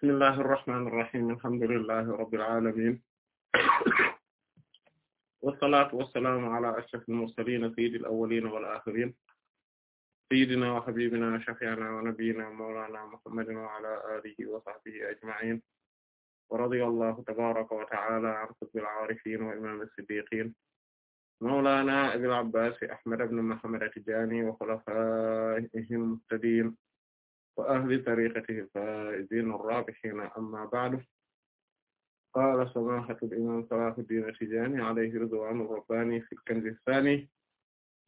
bismillahir rahmanir rahim alhamdulillahi rabbil alamin wassalatu wassalamu ala ashrafil mursalin sayyidil awwalin wal akhirin sayyidina wa habibina shafi'ina wa nabiyyina mawlana muhammadin wa ala alihi wa sahbihi ajma'in wa radiyallahu tabaraka wa ta'ala an qutbil arifin wa imam as-siddiqin mawlana abil abbas ahmad ibn muhammad at-tijani wa khulafa'ihim muhtadin wa ahli tariqatihi al-faa'iziina ar-raabihiina amma ba'du qaala samaahatu al-imaam Salaahuddin at-Tijaani alayhi ridwaanu rabbaani fil kanzi as-saani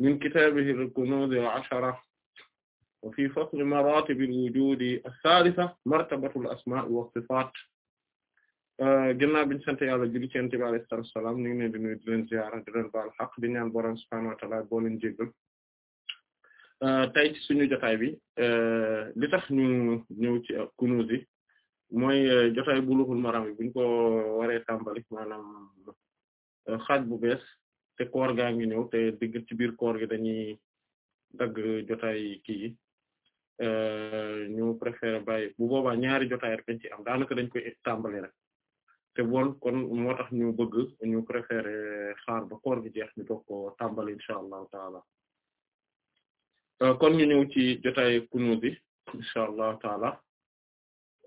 min kitaabihi al-kunuuz al-ashara wa fii fasli maraatibi al-wujuudi as-saalisa martabatu al-asmaa' wa as-sifaat ginnaaw biñ sant yàlla julli ci Yonent bi alayhi salaatu wa salaam ñu ngi leen di nuyu di leen ziyaara di leen baal xaq di ñaan Boroom subhaanahu wa ta'aala boo leen jéggal Euh, tey ci suñu jotaay bi euh, li tax ñu ñëw ci Kunûz yi mooy euh, jotaay Bulughul Maram bi buñ ko waree tàmbali maanaam xaaj bu bees te koor gaa ngi ñëw te digg ci biir koor gi dañuy dagg jotaay kii yi ñu préféré bàyyi bu boobaa ñaari jotaay rek ci am daanaka dañ koy tàmbali rek te bon kon moo tax ñu bëgg ñu préféré xaar ba koor gi jeex ñu doog ko tàmbali incha allahu taala Euh, kon ñu ñëw ci jotaay kunuuz bi allah allahu taala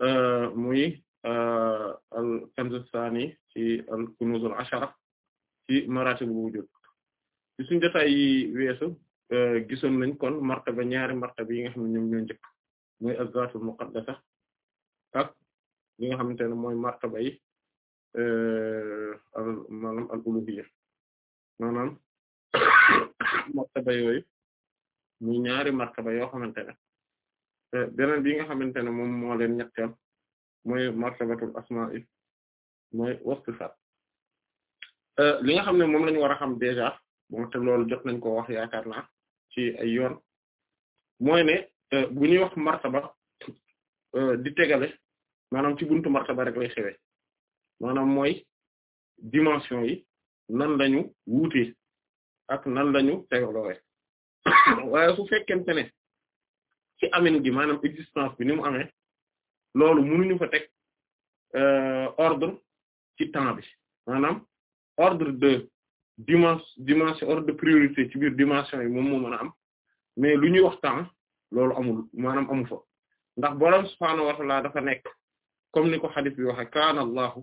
euh, muy euh, al kanzu saani ci al kunuuzul ashara ci maratibul wujud ci suñ jotaay weesu gisoon nañ kon martaba ñaari martaba yi nga xam ne ñoom ñoo muy az-zaatul muqaddasa ak li nga xamante ne mooy martaba al maanaam al uluhiyya muy ñaari martaba yoo xamante ne beneen bi nga xamante ne moom moo leen ñetteel mooy martabatul asma'i mooy wastifat li nga xam ne moom lañ war a xam déjà bon te loolu jot nañ ko wax yaakaar naa ci ay yoon mooy ne bu ñuy wax martaba euh, di tegale maanaam ci buntu martaba rek lay xewe maanaam mooy dimension yi nan lañu wuute ak nan lañu tegaloowe waaye su fekkente ne ci amin gi maanaam existence bi ni mu amee loolu mënuñu fa teg euh, ordre ci temps bi maanaam ordre de dimension dimension ordre de priorité ci biir dimension yi moom moo mën a am mais lu ñuy wax temps loolu amul maanaam amu fo ndax boroom subhaanahu wa ta'aala nekk comme ni ko hadith bi waxe kaana Allahu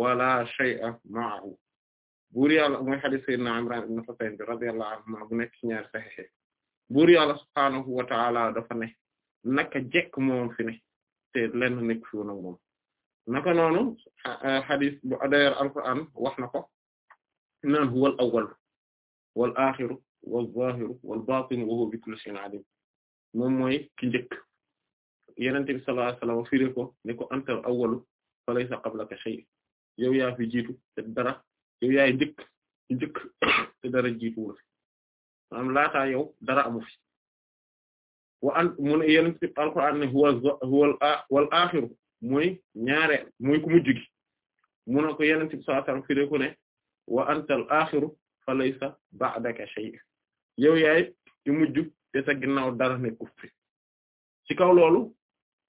wala shay'a ma'ahu buur yàlla mooy xadis sayyidina Imran ibn Husayn bi radiyallahu anhuma bu nekk ci ñaari saxiix dafa ne naka jekk moom fi ne te lenn nekk fi woon moom naka noonu ah, xadis bu d'ailleurs alquran wax na ko naan wal aaxiru wal zaahiru wal baatinu wa huwa bi kulli shay'in ki njëkk yonent bi sallallahu alayhi wa sallam firé ko ne fa laysa qablaka shay yow yaa fi te dara yow yaay njëkk njëkk te dara jiituwul fi maanaam yow dara amu fi wa an mu ne yéen ci alquran ne huwa wal axiru mooy ñaare mooy ku mujj gi mu ne ko yéen ci saa tam firé ku fa laysa ba'daka shay yow yaay ci mujj te sa ginnaaw dara nekkul fi ci kaw loolu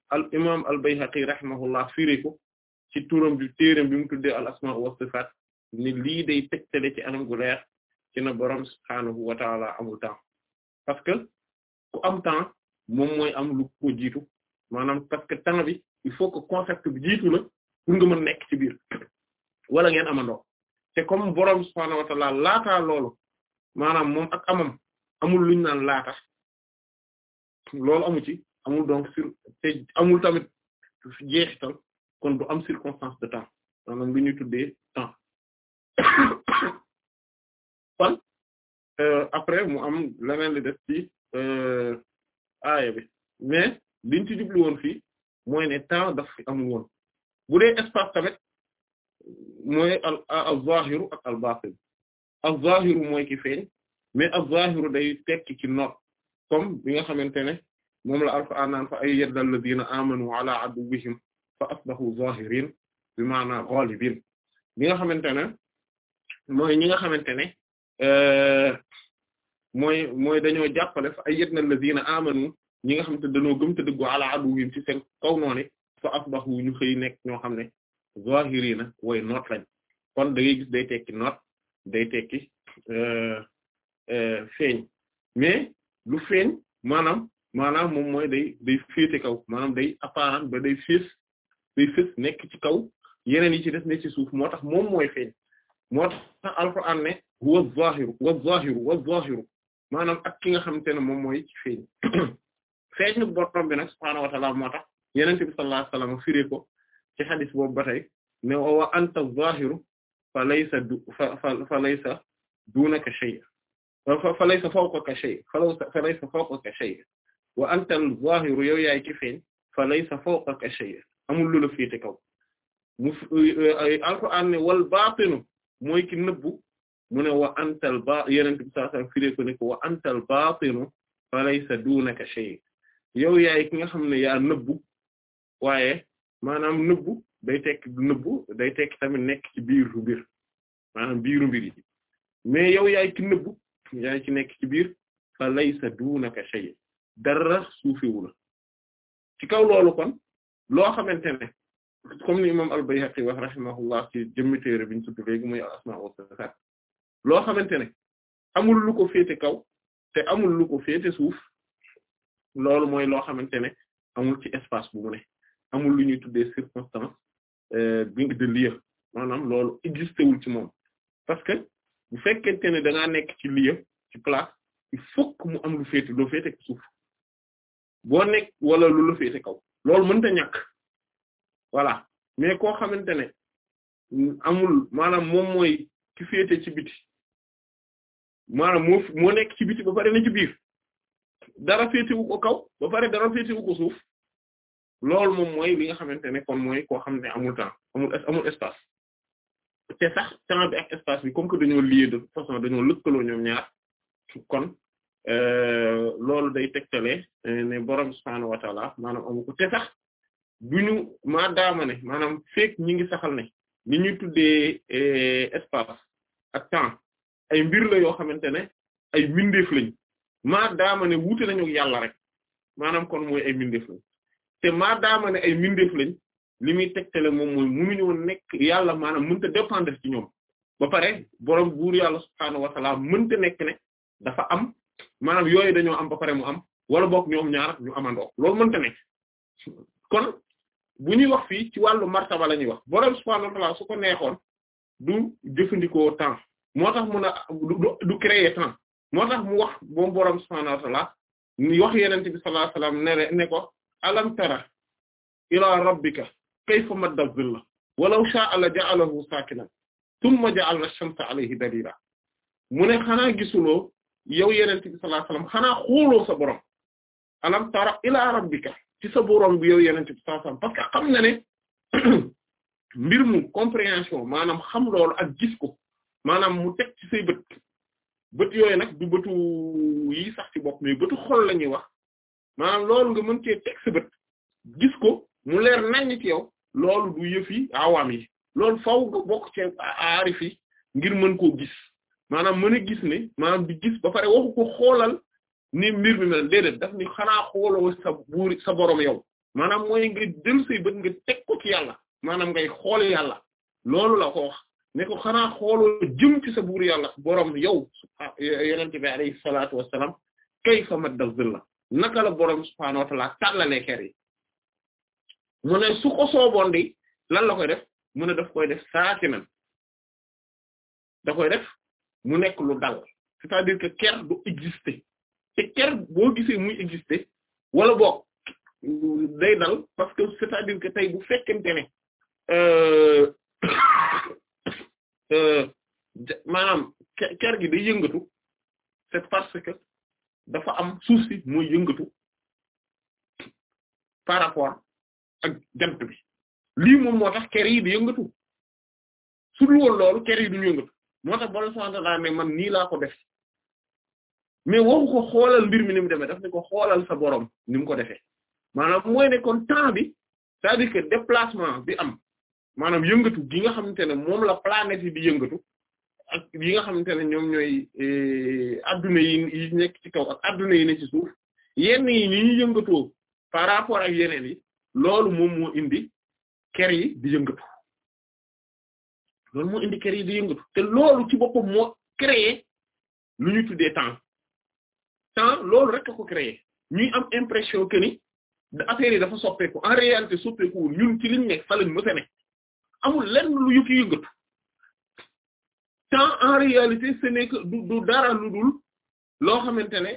al imaam al bayhaqi rahimahullah firé ko ci turam bi téeram bi mu tuddee al asma wa sifaat ni lii day tegtale ci anam gu leer ci na borom subhaanahu wa taala amul temps parce que ku am temps moom mooy am lu ko jiitu maanaam parce que temps bi il faut que concept bi jiitu la pour nga mën nekk ci biir wala ngeen amandoo te comme borom subhaanahu wa taala laataa loolu maanaam moom ak amam amul luñ naan laata loolu amu ci amul donc sur te amul tamit jeexital kon du am circonstance de temps maanaam lu ñuy tuddee temps kon euh, après mu am leneen li def ci euh, aaya bi mais liñ ci jublu woon fii mooy ne temps daf fi amul woon bu dee espace tamit mooy al az-zahiru ak al-batin zahiru mooy ki feeñ mais az-zahiru day tekki ci noor comme bi nga xamante ne moom la alquran naan fa ayyada alladhina amanu ala aduwwihim fa asbahu zahirin bi maana ghalibin bi nga xamante mooy ñi nga xamante ne euh, mooy mooy dañoo jàppale fa ayyadna na amanu ñi nga xamante dañoo gëm te dëggu ala aduwwihim ci seen kaw noone fa asbahu ñu xëy nekk ñoo xam ne zahirina way noot lañ kon da ngay gis day tekki noot day tekki euh, euh, feeñ mais lu feeñ maanaam maanaam moom mooy day day féete kaw maanaam day apparent ba day fés day fés nekk ci kaw yeneen yi ci des ne ci suuf moo tax moom mooy feeñ moo tax alxuraan ne huwa zaahiru wa zaahiru wa zaahiru ki nga xamante ne moom mooy ci feeñ feeñu borom bi nag subhaanahu wa ta'aala moo tax ba tey ne wa anta lu la féete kaw mu alxuraan ne wal baatinu mooy ki nëbbu mu ne wa antal ba yeneen bi saa saa firee ko ne wa antal baatinu fa laysa dunaka shay yow yaay ki nga xam ne yaa nëbbu waaye maanaam nëbbu day tekki nëbbu day tekki tamit nekk ci yow yaay ki nëbbu yaay nekk ci biir fa laysa dunaka shay dara suufewu la ci kaw loolu kon loo xamante ne comme ni imam al-Bayhaqi wax rahimahullah ci jëmmi téere bi ñu tudd léegi muy al-asma wa sifaat loo xamante ne amul lu ko féete kaw te amul luko ko suuf loolu mooy loo xamante ne amul ci espace bu mu ne amul lu ñuy tuddee circonstance euh, bi de lieu maanaam loolu existé wul ci moom parce que bu fekkente ne nekk ci lieu ci place il mu am lu féete loo féete wala lu kaw loolu mënta ñàkk. voilà mais koo xamante ne amul maanaam moom mooy ki féete ci biti maanaam moo moo nekk ci biti ba pare na ci biir dara féetewu ko kaw ba pare dara féetewu ko suuf loolu moom mooy li nga xamante ne kon mooy koo xam ne amul temps amul espace te sax temps bi ak espace bi comme que dañoo lié de toute façon dañoo lëkkaloo ñoom ñaar kon euh, loolu day tegtale euh, ne borom subhaanahu wa ta'ala maanaam amu ko te sax du ñu maa daama ne maanaam fekk ñi ngi saxal ne li ñuy tuddee eh, espace ak temps ay mbir la yoo xamante ne ay mbindeef lañ maa daama ne wuute nañu yàlla rek maanaam kon mooy ay mbindeef lañ te maa daama ne ay mbindeef lañ li muy tegtale moom mooy mënuñoo nekk yàlla maanaam mënta dépendre ci ñoom ba pare boroom buur yàlla subhaanahu wa ta'ala mënta nekk ne dafa am maanaam yooyu dañoo am ba pare mu am wala boog ñoom ñaar ñu amandoo loolu mënta nekk kon bu ñuy wax fii ci wàllu martaba la ñuy wax borom subhaanahu wa ta'aala su ko neexoon du jëfandikoo temps moo tax mun a du du créer temps moo tax mu wax moom borom subhaanahu wa ta'aala wax yonent bi sallallahu alayhi wasallam ne ne ko alam tara ila rabbika kayfa madda zilla walaw sha'a la ja'alahu saakinan thumma ja'alna ash-shamsa alayhi dalila mu ne xanaa gisuloo yow yonent bi sallallahu alayhi wasallam xanaa xooloo sa borom alam tara ila rabbika ci sa borom bi yow yenente bi saa sam parce que xam na ne mu compréhension maanaam xam loolu ak gis ko maanaam mu teg ci say bët bët yooyu nag du bëtu yi sax ci bopp mais bëtu xol la ñuy wax maanaam loolu nga mën cee teg sa ko mu leer naññ ci yow loolu du yëf yi awaam yi loolu faaw nga bokk ci aarif yi ngir mën koo gis maanaam mën a gis ne maanaam di gis ba pare waxu ko xoolal ni mbir mi mel déedéet daf ni xanaa xooloo sa buuri sa borom yow maanaam mooy nga jël say bët nga teg ko yàlla maanaam ngay xool yàlla loolu la ko wax ne ko xanaa xooloo jëm ci sa buur yàlla borom yow yonent bi alayhi salaatu wassalaam kayfa madda zilla la borom subhaanahu wa ta'aala yi mu ne su ko sooboon lan la koy def mu ne daf koy def saatinan da koy def mu nekk lu dal cest dire que du exister te ker boo gisee muy exister wala boog day dal parce que c'est-à-dire que tey bu fekkente ne euh, euh, maanaam ker gi day yëngatu c'est parce que dafa am suuf mooy yëngatu par rapport ak jant bi lii moom moo tax ker yi di yëngatu su dul woon loolu ker yi duñu yëngatu moo tax borom sant ne man nii laa ko def. mais waxu ko xoolal mbir mi ni mu demee daf ne ko xoolal sa borom ni mu ko defee maanaam mooy ne kon temps bi c'est-à-dire que déplacement bi am maanaam yëngatu gi nga xamante ne moom la planète yi di yëngatu ak yi nga xamante ne ñoom ñooy eh, adduna yi yi nekk yi ne ci suuf yenn yi ni ñuy yëngatoo par rapport ak yeneen yi loolu moom moo indi ker yi di yëngatu loolu moo indi ker yi di yëngatu te loolu ci boppam moo créé lu ñu tuddee temps temps loolu rek ko créé ñuy am impression que ni affaire yi dafa soppeeku en réalité soppeekuwul ñun ci liñ nekk fa lañ mësa ne amul lenn lu yu ki temps en réalité ce n'est que du dara lu dul loo xamante ne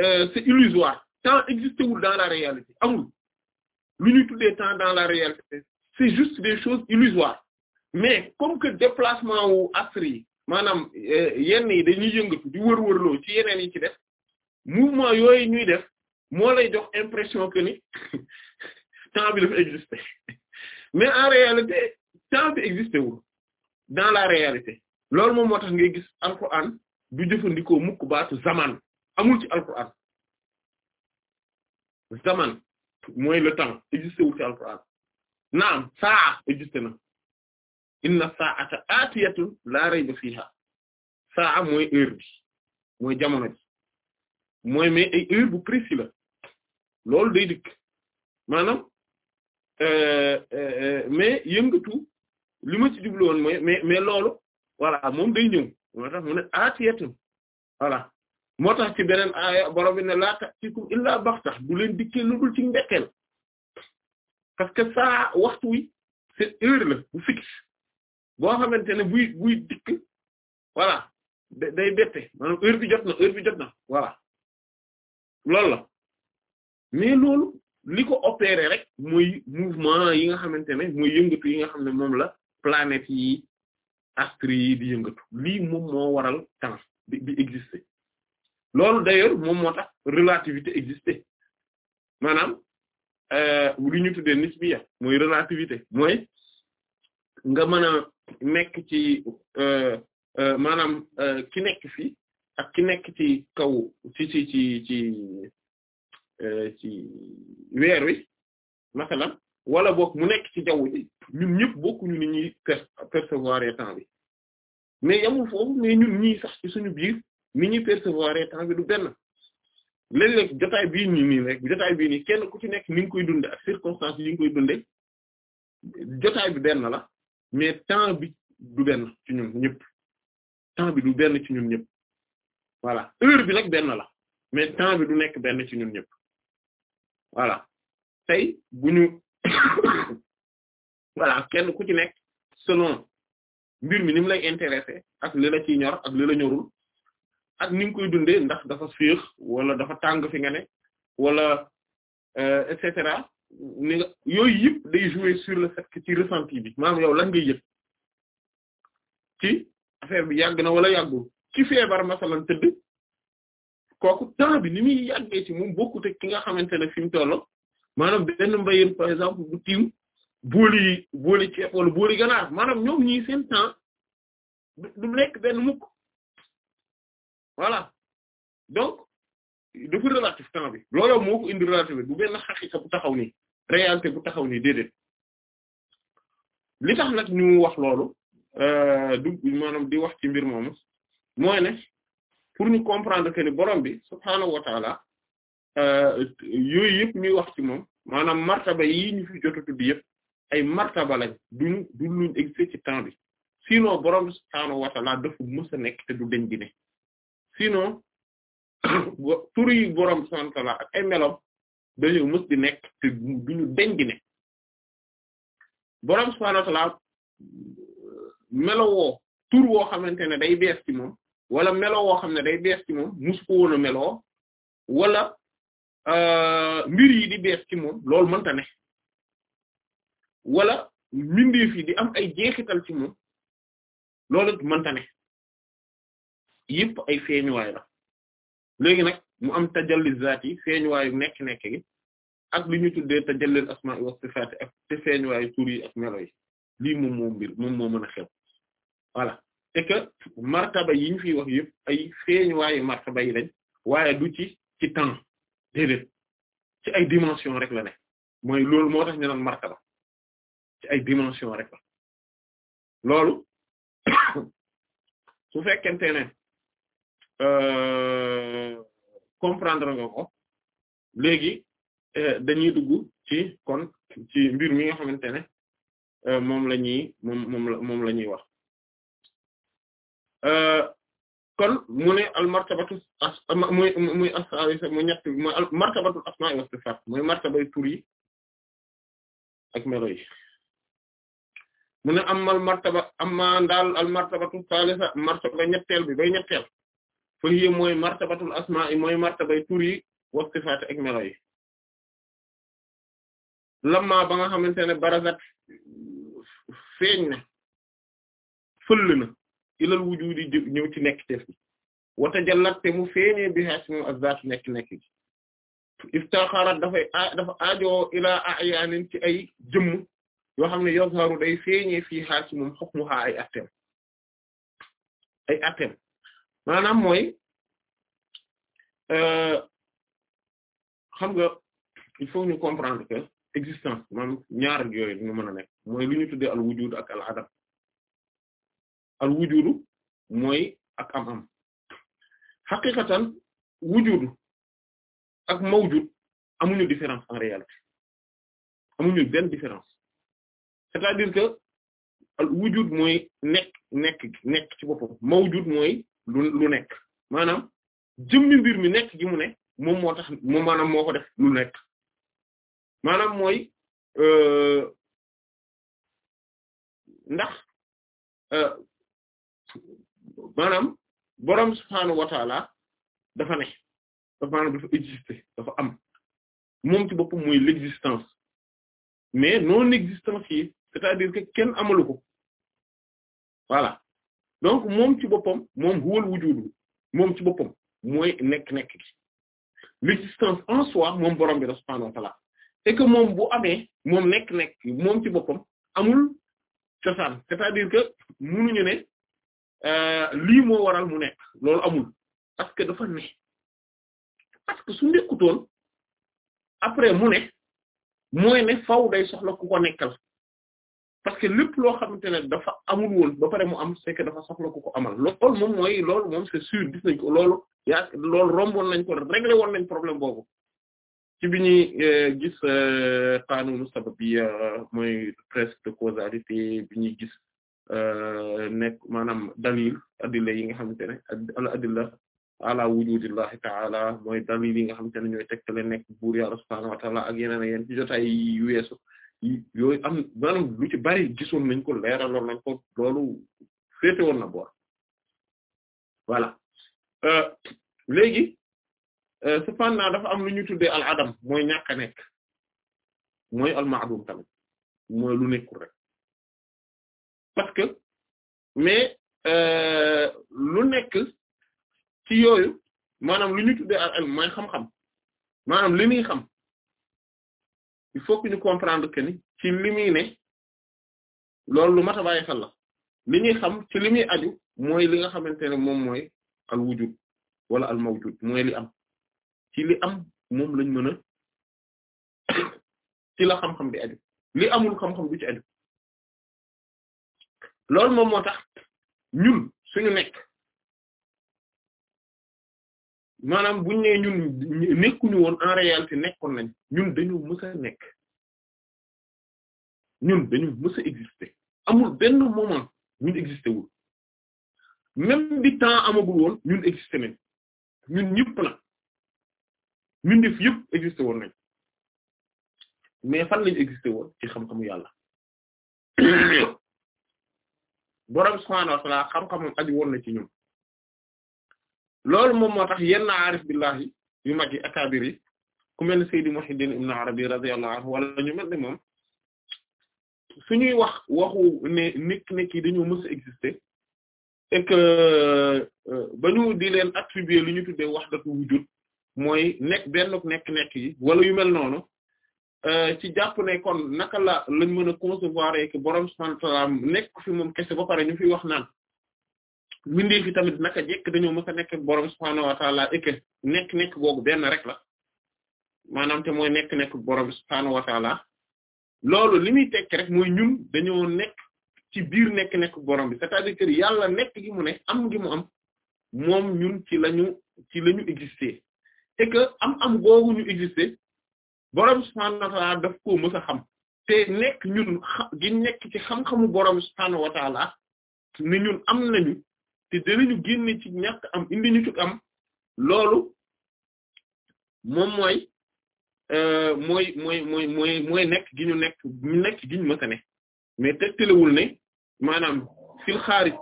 euh, c'est illusoire temps existewul dans la réalité amul lu ñu tuddee temps dans la réalité c'est juste des choses illusoires mais comme que déplacement wu astre yi maanaam euh, yenn yi dañuy yëngatu di wër-wërloo ci yeneen yi def mouvement yooyu ñuy def moo lay jox impression que ni temps bi dafa exister mais en réalité temps bi exister wul dans la réalité loolu moom moo tax ngay gis alquran du jëfandikoo mukk baatu zaman amul ci alquran zaman mooy le temps exister wul ci alquran naam saa exister na inna sa'ata atiyatun la rayba fiha saa mooy heure mooy jamono mooy mais ay heure bu précis loolu day dikk maanaam euh, euh, euh, mais yëngatu li ma ci jublu woon mooy mais loolu voilà moom day ñëw moo tax mu ne aatiyatun voilà moo ci beneen aaya borom bi ne laa ta'tikum illaa baxta du leen dikkee lu ci mbekkeel parce que saa waxtu wi heure la bu fixe boo xamante ne buy buy dikk voilà day bette maanaam heure bi jot heure bi jot na loolu la mais loolu li ko opéré rek muy mouvement yi nga xamante ne muy yëngatu yi nga xam ne moom la planète yi astre yi di yëngatu lii moom moo waral temps di exister loolu d'ailleurs moom moo tax relativité exister maanaam euh, li ñu tuddee nisbiya mooy relativité mooy nga mën a nekk ci euh, euh, maanaam ki nekk fii ak ki nekk ci kaw ci ci ci ci euh, ci weer wi masalan wala bokk mu nekk ci jaw ji ñun ñëpp bokkuñu ni ñuy percevoir temps bi mais yamul foofu mais ñun ñii sax ci suñu biir ni ñuy percevoir temps bi du benn léeg-léeg jotaay bii nii nii rek jotaay bii nii kenn ku ci nekk ni koy dundee ak circonstances yi nga koy dundee jotaay bi benn la mais temps bi du benn ci ñun ñëpp bi du ci ñun ñëpp. voilà heure bi nag benn la mais temps bi du nekk benn ci ñun ñëpp voilà tey bu ñu kenn ku ci nekk selon mbir mi ni lay intéressé ak li la ciy ñor ak li la ñorul ak ni koy dundee ndax dafa féex wala dafa tàng fi nga ne wala euh, et cetera ni nga yooyu yëpp jouer sur le fait que ci ressenti bi maanaam yow lan ngay yëg ci bi yàgg na wala yàggul ki feebar masalan tëdd kooku temps bi ni muy yàggee ci moom bokkut ki nga xamante ne fi mu toll maanaam benn mbayeen par exemple bu tiim booli booli ceeb wala booli ganaar maanaam ñoom ñii seen temps du nekk benn mukk voilà donc dafa relatif temps bi looloo moo ko indi relatif bu benn xaqiqa bu taxaw nii réalité bu taxaw nii déedéet li tax nag ñu wax loolu euh, du di wax ci mbir moom mooy ne pour ñu comprendre que ni borom bi subhaanahu wa taala euh, yooyu yëpp ñuy wax ci moom maanaam martaba yi ñu fi jot a tudd yëpp ay martaba lañ duñu du luñ exister ci bi sinon borom bi subhaanahu wa taala nekk te du deñ di ne sinon tur yi borom bi subhaanahu ay melom dañoo mës di nekk te duñu deñ di borom bi subhaanahu wa taala euh, melowoo tur woo xamante ne day bees ci moom wala melo woo xam ne day bees ci moom musu ko woon a wala euh, mbir yi di bees ci moom loolu mënta ne wala mbindeef yi di am ay jeexital ci moom loolu mënta ne yëpp ay feeñuwaay la léegi nag mu am tajalli zaat yi feeñuwaayu nekk-nekk gi ak li ñu tuddee tajallil asmaa wa sifaat ak te feeñuwaayu tur yi ak melo yi lii moom moo mbir moom moo mën a xew voilà et que martaba yi ñu fiy wax yëpp ay feeñ waaye martaba yi lañ waaye du ci ci temps déedéet ci ay dimension rek la ne mooy loolu moo tax ñu martaba ci ay dimension rek la loolu su fekkente ne euh, comprendre nga ko léegi euh, dañuy dugg ci kon ci mbir mi nga xamante ne euh, moom la ñuy moom moom la ñuy wax Euh, kon mu ne al martabatu muy muy as muy ñett muy al martabatu asmaa wa sifaat muy martabay tur yi ak melo yi mu ne amal martaba amma ndaal al martabatu salisa martaba ñetteel bi bay ñetteel fa hiya mooy martabatul asmaa yi mooy martabay tur yi wa sifaat ak melo ba nga xamante ne barazat feeñ na fëll na ilal wujudi ñëw ci nekk teef gi wa tajallat te mu feeñee bi xees moom azzaat nekk nekk gi iftaxarat dafay dafa aajoo ilaa ayaanin ci ay jëmm yoo xam ne yazharu day feeñee fii xaar ci moom hukmuha ay atteem ay atteem maanaam mooy euh, xam nga il faut ñu comprendre que existence maanaam ñaar yooyu ñu mën a nekk mooy lu ñu tuddee al wujud ak al adam al wujudu mooy ak am am xaqiqatan wujudu ak mawjud amuñu différence en réalité amuñu benn différence cest dire que al wujud mooy nekk nekk nekk ci boppam mawjud mooy lu lu nekk maanaam jëmmi mbir nekk gi mu ne moom moo tax moom lu nekk maanaam mooy euh, ndax euh, maanaam borom subhaanahu wa taala dafa ne exister dafa am moom ci boppam mooy l'existence mais non existence yi c'est-à-dire que kenn amalu ko voilà donc moom ci boppam moom huwal wujudu moom ci boppam mooy nekk-nekk gi l'existence en soi moom borom bi la subhaanahu wa ta'ala que moom bu amee moom nekk-nekk moom ci boppam amul cosaan c'est-à-dire que mënuñu ne Euh, lii moo waral mu nekk loolu amul parce que dafa ne parce que su nekkutoon après mu mooy ne faw day soxla ku ko nekkal parce que lépp loo xam ne dafa amul woon ba pare mu am c'est que dafa soxla ku ko amal loolu moom mooy loolu moom c'est sûr gis nañ ko loolu yaa loolu romboon nañ ko réglé woon problème boobu ci bi euh, gis euh, xaanunu sabab bi mooy presque de causalité bi ñuy gis Euh, nekk maanaam dalil adilla yi nga xamante ne al adilla ala wujudillahi ta'ala mooy dalil yi nga xamante ne ñooy tegtale nekk buur yàlla subhaanahu wa ta'ala ak yeneen ak yeneen ci jotaay yi weesu yooyu am maanaam lu ci bari gisoon nañ ko leeraloon nañ ko loolu féete na boor voilà euh, léegi euh, cependant dafa am lu ñu tuddee al adam a nekk mooy al ma'dum tamit mooy lu nekkul rek parce que mais euh, lu nekk ci yooyu maanaam lu ñu tuddee al ilm xam-xam maanaam li muy xam il faut que ñu comprendre que ci li muy ne loolu lu mat a la li ñuy xam ci li aju mooy li nga xamante ne moom mooy al wujud wala al mawjud mooy li am ci li am moom lañ mën a ci la xam-xam bi aju li amul xam-xam du ci aju loolu moom moo tax ñun suñu nekk maanaam buñ ne ñun nekkuñu woon en réalité nekkoon nañ ñun dañu mës nekk ñun dañu mës a amul benn moment ñun exister wul même bi temps amagul woon ñun exister nañ ñun ñëpp la ñun def yëpp exister woon nañ mais fan lañu exister woon ci xam-xamu yàlla borom subhaanahu wa ta'aala xam-xamam aji woon ci ñun loolu moom moo tax yenn aarif billahi yu mag yi akaabir yi ku mel ne Seydi Muhiddin Ibn Arabi radiyallahu anhu wala ñu mel ne moom suñuy wax waxu ne nekk nekk yi dañoo mës a exister et euh, ba ñu di leen attribuer lu ñu tuddee wahdatu wujud mooy nekk benn nekk nekk wala yu mel noonu Euh, ci jàpp ne kon naka la lañ mën a concevoir que borom subhaanahu wa nekk fi moom kese ba pare ñu fi wax naan mbindee fi tamit naka jekk dañoo mës a nekk borom subhaanahu wa ta'aala nekk nekk googu benn rek la maanaam te mooy nekk nekk borom subhaanahu wa ta'aala loolu li muy tekki rek mooy ñun dañoo nekk ci biir nekk nekk borom bi c'est-à-dire que yàlla nekk gi mu ne am gi mu am moom ñun ci lañu ci lañu exister et que am am googu ñu exister. borom subhaanahu wa ta'ala daf koo mës a xam te nekk ñun gi nekk ci xam-xamu borom subhaanahu wa ta'ala ñun am nañu te danañu génne ci ñàkk am indi ñu ci am loolu moom mooy euh, mooy mooy mooy mooy mooy nekk giñu ñu nekk nekk gi ñu mais tegtalewul ne maanaam fil xaarij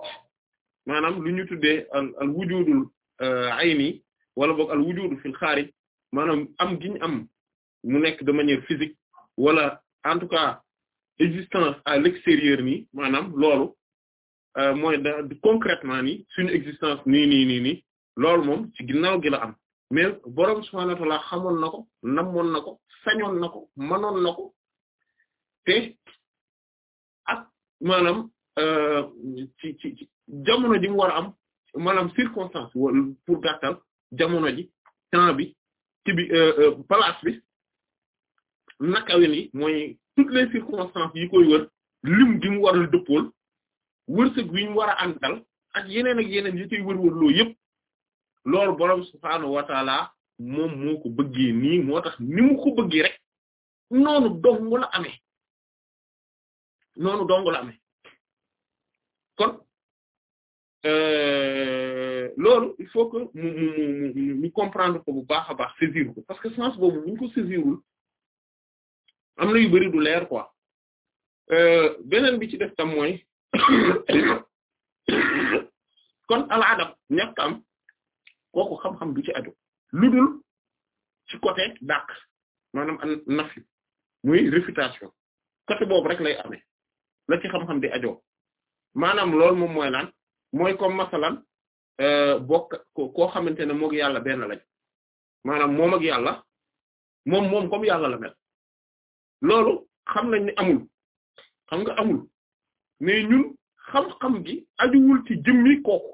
maanaam lu ñu tuddee al al wujudul euh, ayni wala boog al wujudu fil xaarij maanaam am gi am mu nekk de manière physique wala en tout cas existence à l'extérieur nii maanaam loolu euh, mooy da concrètement nii suñu existence nii nii nii nii loolu moom ci ginnaaw gi la am mais borom subhaanahu wa ta'aala xamoon na ko namoon na ko sañoon na ko mënoon na ko te ak maanaam euh, ci ci ci jamono mu war a am maanaam circonstance pour gàttal jamono ji temps bi ci bi euh, bi nakawin yi mooy toutes les circonstances yi koy wër lim gi mu war a dëppool wërsëg wi ñu war a àndal ak yeneen ak yeneen yi koy wër-wër loo loolu borom subhaanahu wa taala moom moo ko nii moo tax ni mu ko bëggee rek noonu dong la amee noonu dong la amee kon euh, loolu il faut que mu mu mu mu comprendre ko bu baax a baax saisir ko parce que sens boobu bu ñu saisirul am na yu bari du leer quoi euh, beneen bi ci def tam mooy kon al adab ñàkk am kooku xam-xam du ci aju lu dul ci côté dàq maanaam an nafi muy réfutation côté boobu rek lay amee la ci xam-xam di ajoo maanaam loolu moom mooy lan mooy comme masalan euh, bokk koo xamante ne moog yàlla benn lañ maanaam moom ak yàlla moom moom comme yàlla la mel loolu xam nañ ni amul xam nga amul mais ñun xam-xam gi ajuwul ci jëmmi kooku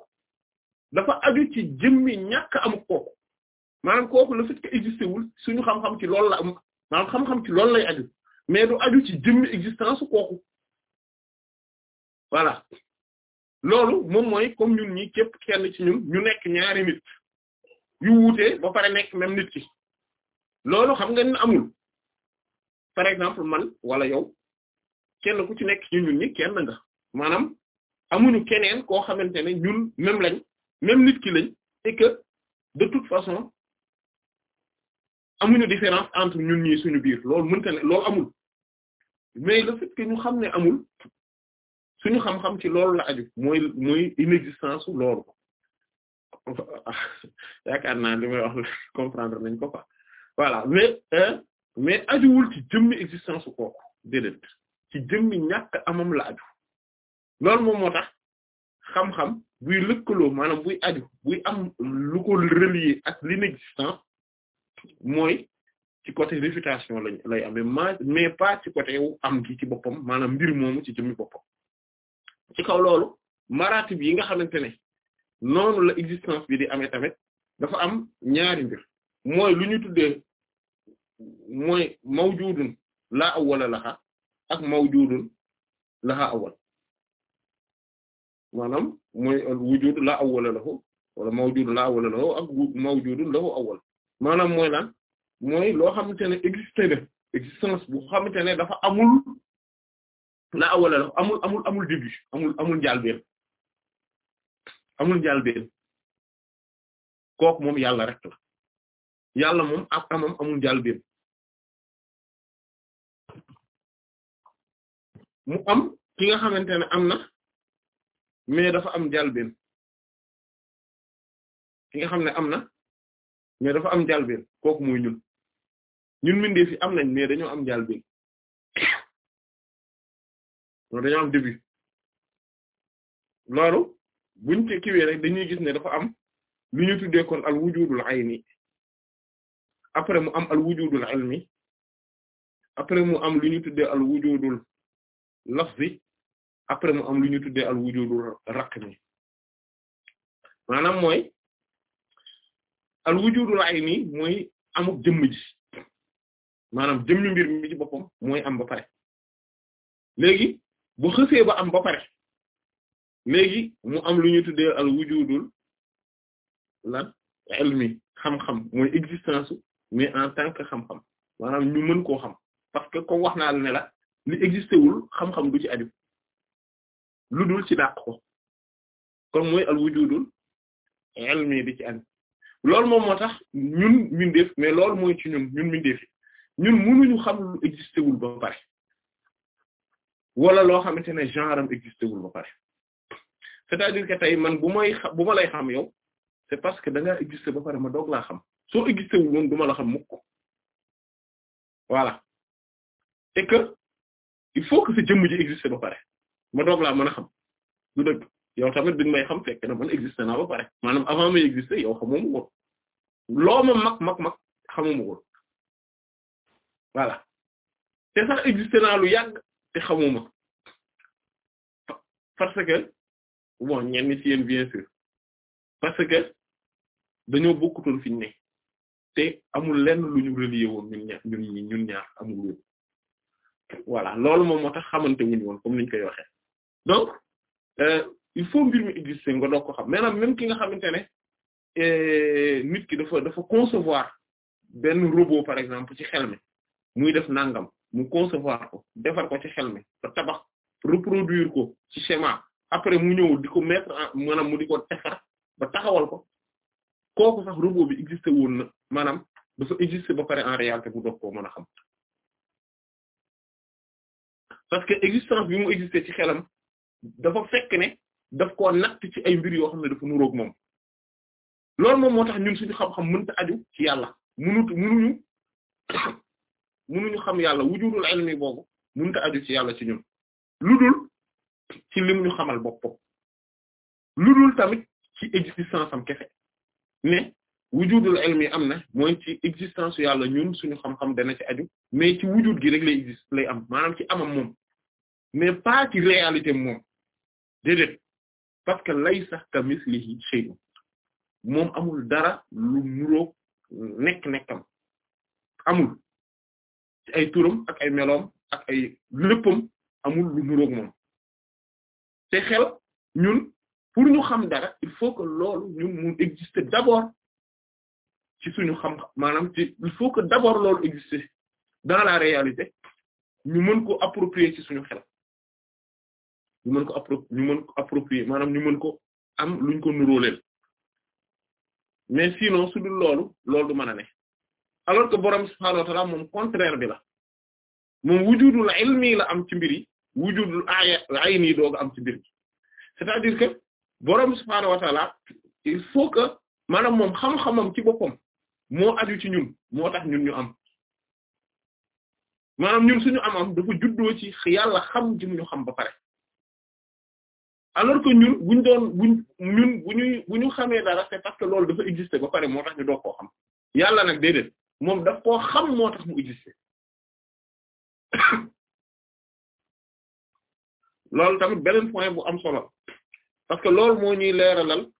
dafa aju ci jëmmi ñàkk am kooku maanaam kooku le fait que existé wul suñu xam-xam ci lool am maanaam ci loolu lay aju mais du aju ci jëmmi existence kooku voilà loolu moom mooy comme ñun ñi képp kenn ci ñun ñu nekk ñaari nit yu wuute ba pare nekk même nit ki loolu xam nga ne amul par exemple man wala yow kenn ku ci nekk ci ñun ñi kenn nga maanaam amuñu keneen koo xamante ne ñun même lañ même nit ki lañ et que de toute façon amuñu différence entre ñun ñii suñu biir loolu mënta ne loolu amul mais le fait que xam ne amul suñu xam-xam ci loolu la aju mooy mooy inexistence loolu yaakaar naa li may wax comprendre nañ ko quoi voilà mais euh, mais ajuwul ci jëmmi existence su kooku déedéet ci jëmmi ñàkk amam la aju loolu moom tax xam-xam buy lëkkaloo maanaam buy aju buy am luko ko relier ak l'inexistence mooy ci côté réfutation lañ lay amee mais pas ci côté wu am gi ci boppam maanaam mbir moomu ci jëmmi boppam ci kaw loolu maratib yi nga xamante ne noonu la existence bi di amee tamit dafa am ñaari mbir mooy lu ñu tuddee mooy mawjudun laa awwala laha ak mawjudun laha awwal maanaam mooy wujud laa awwala lahu wala mawjudun laa awwala lahu ak mawjudun lahu awwal maanaam mooy lan mooy loo xamante ne existé existence bu xamante ne dafa amul laa awwala lahu amul amul amul début amul amul njàlbéen amul njàlbéen kooku moom yàlla rek la yàlla moom ak amam amul mu am ki nga xamante ne am na mais dafa am jalbeen ki nga xam ne am na mais dafa am jalbeen kooku muy ñun ñun mbindeef yi am nañ mais dañoo am jalbeen loolu dañoo am début loolu buñ ci kiwee rek dañuy gis ne dafa am lu ñu tuddee kon al wujudul ni après mu am al wujudul ilmi après mu am lu ñu tuddee al wujudul lafzi après mu am lu ñu tuddee al wujudu raqmi maanaam mooy al wujudu ayni mooy amuk jëmm ji maanaam jëmmi mbir mi ci boppam mooy am ba pare léegi bu xësee ba am ba pare léegi mu am lu ñu tuddee al wujudul la ilmi xam-xam mooy existence mais en tant que xam-xam maanaam ñu mën koo xam parce que comme wax naa la ne la li existé wul xam-xam du ci aju lu dul ci dàq ko kon mooy al wujudul ilmi di ci aju loolu moom moo tax ñun mindeef mais loolu mooy ci ñun ñun mindeef ñun mënuñu xam lu existé ba pare wala loo xamante ne genre am existé wul ba pare c'est-à-dire que tey man bu may bu ma lay xam yow c'est parce que da ngaa existé ba pare ma doog laa xam soo existé wul du ma la xam mukk voilà et il faut que sa jëmm ji exister ba pare ma doog mën a xam du dëgg yow tamit bi nga may xam fekk na man exister naa ba pare maanaam avant may exister yow xamoo woon loo ma mag mag mag woon voilà te sax exister naa lu yàgg te xamoo parce que bon ñenn ci yéen bien sûr parce que dañoo bokkutoon fi ne te amul lenn lu ñu relier woon ñun ñaar amul woon. voilà loolu moom moo xamante wuñu woon comme niñ koy waxee donc euh, il faut mbir mi exister nga doog ko xam maanaam même ki nga xamante ne euh, nit ki dafa dafa concevoir benn robot par exemple ci xel mi muy def nangam mu concevoir ko defar ko ci xel mi ba tabax reproduire ko ci schéma après mu ñëw di ko mettre en mu di ko defar ba taxawal ko kooku sax robot bi exister woon na maanaam dafa exister ba pare en réalité bu doog koo mën a xam parce que existence bi mu exister ci xelam dafa fekk ne daf koo natt ci ay mbir yoo xam ne dafa nuroog moom loolu moom moo tax ñun suñu xam-xam mënta aju ci yàlla mënut mënuñu mënuñu xam yàlla wujudul ilmi boobu mënta aju ci yàlla ci ñun lu dul ci lim ñu xamal boppam lu dul tamit ci existence am kefe ne wujudul ilmi am na mooy ci existence yàlla ñun suñu xam-xam dana ci aju mais ci wujud gi rek lay existe lay am maanaam ci amam moom mais pas ci réalité moom déedéet parce que laysa ka mislihi shay'un moom amul dara lu nuroog nekk-nekkam amul ay turam ak ay meloom ak ay léppam amul lu nuroog moom te xel ñun pour ñu xam dara il faut que loolu ñun mu exister d'abord ci suñu xam maanaam ci il faut que d'abord loolu existe dans la réalité ñu mën ko approprier ci suñu xel ñu mën ko appro ñu ko maanaam ñu mën ko am luñ ko nuróoleel mais sinon su dul loolu loolu du mën a ne alors que borom subhaanahu wa ta'ala moom contraire bi la moom wujudul ilmi la am ci mbir yi wujudul ayni doog am ci mbir yi c'est-à-dire que borom subhaanahu wa ta'ala il faut que maanaam moom xam-xamam ci boppam moo aju ci ñun moo tax ñun ñu am maanaam ñun suñu am-am dafa juddoo ci yàlla xam ji mu ñu xam ba pare alors que ñun buñ doon bu bu ñu xamee dara c'est parce que loolu dafa exister ba pare moo tax ñu doo koo xam yàlla nag déedéet moom daf koo xam moo tax mu exister loolu tamit beneen point bu am solo parce que loolu moo ñuy lal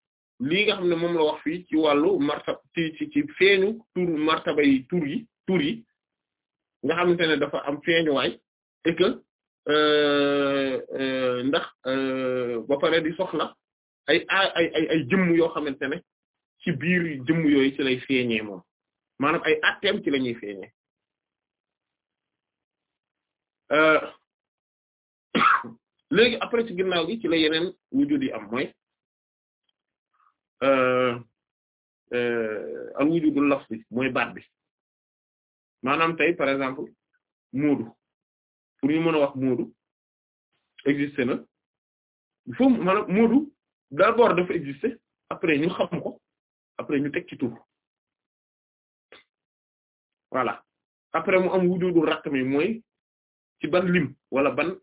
lii nga xam ne moom la wax fii ci wàllu martaba ci ci ci feeñu tur martaba yi tur yi tur yi nga xamante ne dafa am feeñuwaay et que euh, euh, ndax euh, ba pare di soxla ay ay ay ay jëmm yoo xamante ne ci biir jëmm yooyu ci lay feeñee moom maanaam ay atteem ci la ñuy feeñee léegi après ci ginnaaw gi ci la yeneen wujud yi am mooy Euh, euh, al wujudul laf bi mooy baat bi maanaam tey par exemple moodu pour ñu mën a wax moodu existé na il faut maanaam moodu d'abord dafa existé après ñu xam ko après ñu teg ci après mu am wujudul raqmi mooy ci ban lim wala ban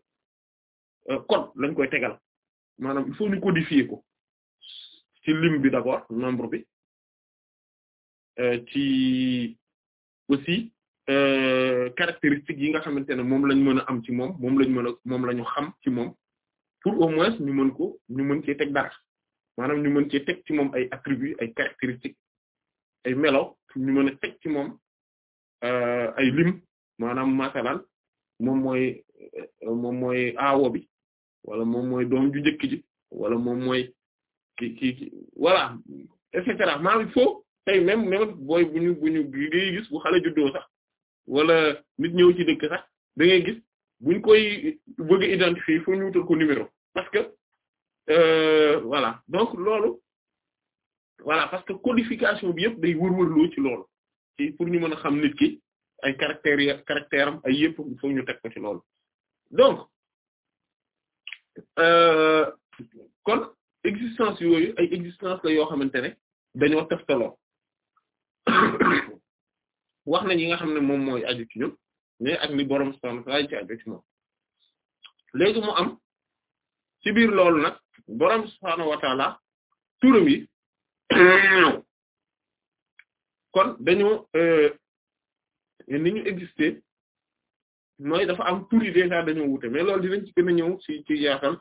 euh, code lañ koy tegal maanaam il faut codifier ko ci lim bi d'abord nombre bi euh, ci aussi euh, caractéristiques yi nga xamante ne moom lañ mën a am ci moom moom lañ mën moom la ñu xam ci moom pour au moins ñu mën ko ñu mën cee teg dara maanaam ñu mën cee teg ci moom ay attributs ay caractéristiques ay melo ñu mën a teg ci moom euh, ay lim maanaam masalan moom mooy moom mooy aawo bi wala moom mooy doom ju njëkk ji wala moom mooy ki ki voilà et cetera maanaam il faut tey même même booy bu ñu bu ñu ngay gis bu xale juddoo sax wala nit ñëw ci dëkk sax da ngay gis koy bëgg a ñu wutal ko numéro parce que euh, donc loolu voilà parce que codification bi yëpp day wër-wërloo ci loolu pour ñu mën a xam nit ki ay caractères caractère am ay yëpp foog ñu teg ci loolu donc euh, kon existence yooyu ay existence la yoo xamante ne dañoo teftaloo wax nañ yi nga xam ne moom mooy aju ci ñun mais ak ni boroom subhaanahu wa ta'aala ci léegi mu am ci biir loolu nag boroom subhaanahu wa ta'aala turam yi kon dañoo euh, ni ñu exister mooy dafa am tur yi déjà dañoo wute mais loolu dinañ ci gën a ñëw ci ci yaatal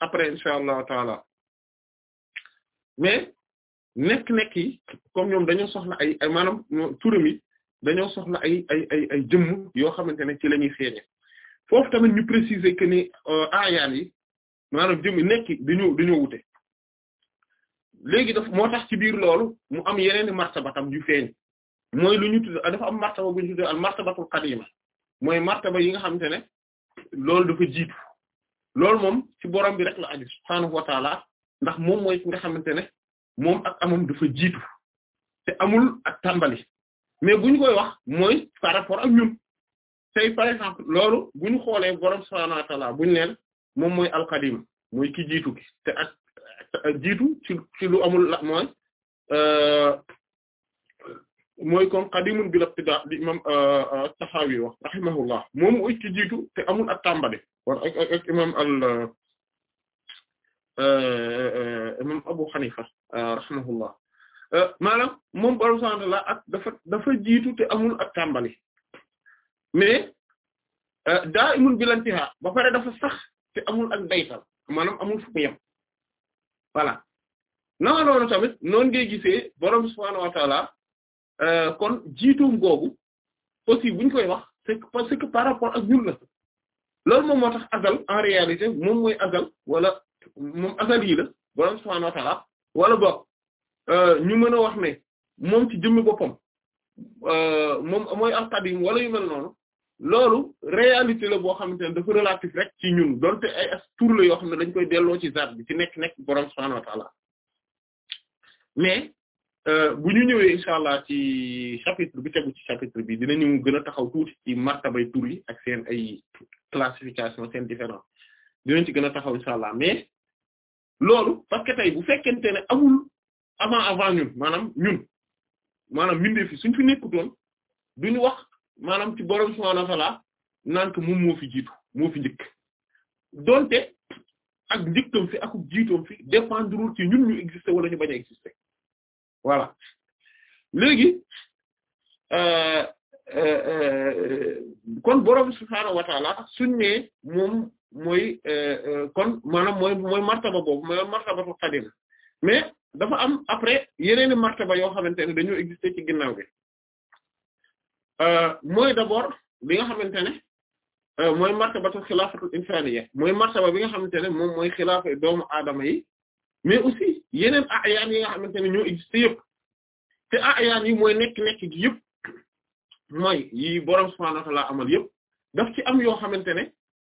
après incha allahu taala mais nekk-nekk yi comme ñoom dañoo soxla ay ay maanaam turam yi dañoo soxla ay ay ay ay jëmm yoo xamante ne ci la ñuy feeñe foofu tamit ñu préciser que euh, aayaan yi maanaam jëmm nekki dañoo dañoo léegi daf moo tax ci biir loolu mu am yeneen martabatam yu feeñ mooy lu ñu tudd dafa am martaba bu ñu tudd al martabatul qadima mooy martaba yi nga xamante ne loolu dafa jiitu loolu moom ci borom bi rek la aju subhaanahu wa taala ndax moom mooy ki nga xamante ne moom ak amam dafa jiitu te amul ak tàmbali mais bu ñu koy wax mooy par rapport ak ñun tey par exemple loolu bu ñu xoolee borom subhaanahu wa taala bu ñu leen moom mooy alqadim mooy ki jiitu te ak amul la mooy euh, mooy comme qadimun bil ibtida di imam Tahawi euh, euh, wax rahimahullah moom uj ci jiitu te amul ak tàmbale war ak ak imam al euh, imam Abu Hanifa rahimahullah moom borom sant la jiitu te amul ak tàmbali mais daa imun bil intiha ba pare dafa sax te amul ak daytal maanaam amul fu mu yem voilà tamit noonu ngay gisee borom subhaanahu wa Euh, kon jiitum googu aussi buñ koy wax c'est par rapport ak ñun la loolu moom moo tax azal en réalité moom mooy azal wala moom azal la borom subhaanahu wa ta'aala wala boog euh, ñu mën a wax ne moom ci jëmmi boppam euh, moom mooy al-qadim wala yu mel noonu loolu réalité la boo xam ne dafa relatif rek ci ñun donte ay as tur la yoo xam ne dañ koy delloo ci zaat bi ci nekk nekk borom subhaanahu mais Euh, bu ñu ñëwee incha allah ci chapitre bi tegu ci chapitre bi dinañu gën a taxaw tuuti ci martabay tur yi ak seen ay classification seen différence dinañ ci gën a taxaw incha allah mais loolu parce bu fekkente amul avant avant ñun maanaam ñun maanaam mindee fi suñ fi nekkutoon duñu wax maanaam ci borom subhaanahu wa ta'aala naan ko moom moo fi jiitu moo fi njëkk donte ak njëkkam fi ak jiitoom fi dépendrewul ci ñun ñu exister wala ñu bañ a exister voilà léegi euh, euh, euh, kon borom subhaanahu wa taala suñ ne moom mooy kon maanaam mooy mooy martaba boobu mooy martabatu xadim mais dafa am après yeneen i martaba yoo xamante ne dañoo exister ci ginnaaw bi mooy d'abord bi nga xamante ne mooy martabatu xilaafatul insaaniyya mooy martaba bi nga xamante ne moom mooy xilaafa doomu aadama yi mais aussi yeneen ayaan yi nga xamante ne ñoo existé yëpp te ayaan yi mooy nekk-nekk gi yëpp yi borom subhaanahu wa ta'aala amal daf ci am yoo xamante ne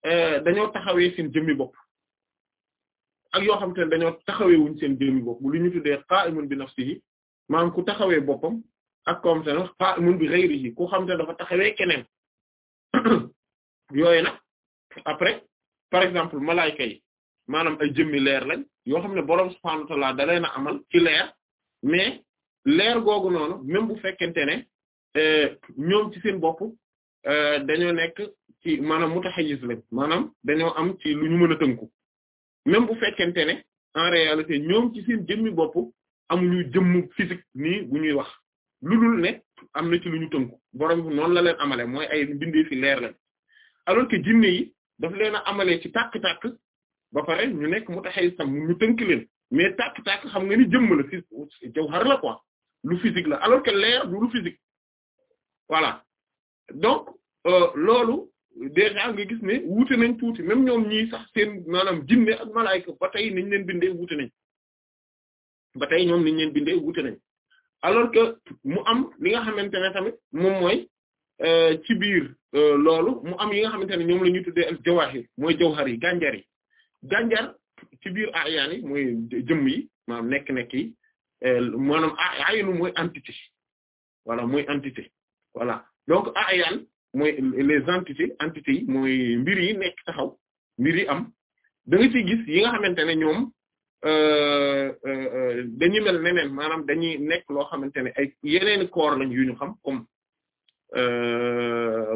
euh, dañoo taxawee seen jëmmi bopp ak yoo xamante ne dañoo taxawee wuñ seen jëmmi bopp lu ñu tuddee qaa'imun bi nafsihi maanaam ku taxawee boppam ak comme te ne qaa'imun bi ghayrihi ku xam te dafa taxawee keneen yooyu nag après par exemple malaayka yi maanaam ay jëmmi leer lañ yoo xam ne boroom subhaanahu wa ta'aala da leen a amal ci leer mais leer googu noonu même bu fekkente ne euh, ñoom ci seen bopp euh, dañoo nekk ci maanaam mutahayyiz lañ maanaam dañoo am ci lu ñu mën a tënku même bu fekkente ne en réalité ñoom ci seen jëmmi bopp am lu jëmm physique nii bu ñuy wax lu dul ne am na ci lu ñu tënku boroom noonu la leen amale mooy ay bindee fi leer lañ alors que jinne yi daf leen a amalee ci tàkk-tàkk ba pare ñu nekk mu taxay sam ñu tënk leen mais tàkk xam nga ni jëmm la fi jawhar la quoi lu physique la alors que leer du lu physique voilà donc euh, loolu déjà nga gis ne wuute nañ tuuti même ñoom ñii sax seen maanaam jinne ak malaayka ba tey niñ leen bindee wuute nañ ba tey ñoom niñ leen bindee wuute nañ alors que mu am li nga xamante ne tamit moom mooy euh, ci biir euh, loolu mu am yi nga xamante ne ñoom la ñuy tuddee al jawahir mooy jawhar yi gànjar yi gànjar ci biir ayaan yi mooy jëmm yi maanaam nekk-nekk yi eh, maanaam ayanu mooy entité voilà mooy entité voilà donc ayaan mooy les entités entités yi mooy mbir yi nekk taxaw mbir yi am da nga ciy yi nga xamante ne ñoom euh, euh, euh, dañuy mel neneen maanaam dañuy nekk loo xamante ne ay yeneen koor lañ yu ñu xam comme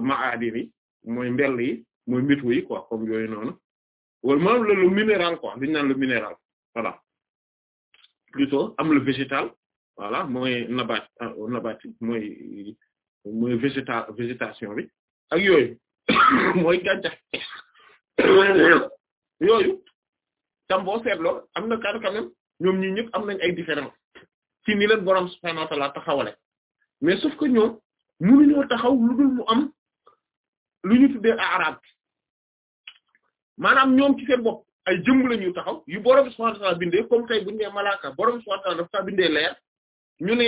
maadin yi mooy mbel yi mooy météo yi quoi kom yooyu noonu wala maanaam le le minéral quoi li naan le minéral voilà plutôt am le végétal voilà mooy nabaat euh, nabaat mooy mooy végétation bi ak yooyu mooy gàncax yooyu tam boo seetloo am na quand même ñoom ñi am nañ ay différence ci ni leen boroom subhaanahu wa taxawale mais sauf que ñoom mënuñoo taxaw lu dul mu am lu ñu tuddee arab maanaam ñoom ci seen bopp ay jëmb lañu taxaw yu borom subhaanahu wa ta'aala bindee comme tey bu malaaka borom subhaanahu wa ta'aala dafa bindee leer ñu ne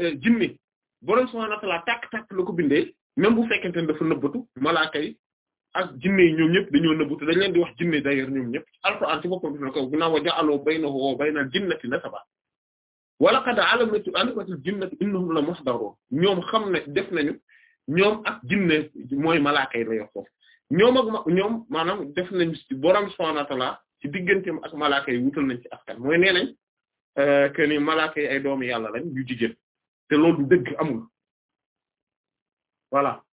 euh, jinne borom subhaanahu wa ko bindee même bu fekkente ne dafa nëbbatu malaaka ak jinne yi ñoom ñëpp dañoo nëbbatu dañ leen di wax jinne d'ailleurs ñoom ñëpp alxuraan ci boppam dina ko ginnaaw wa ja'aloo baynahu wa baynal jinnati nasaba wa laqad alimtu alimatul jinnati innahum la muhdaruun ñoom xam ne def nañu ñoom ak jinne mooy malaaka yi la ñoom ma ñoom maanaam def nañ ci borom subhaanahu wa ta'aala ci digganteem ak malaaka yi wutal nañ ci askan mooy nee nañ euh, malaaka yi ay doomu yàlla lañ yu jigéen te loolu dëgg amul voilà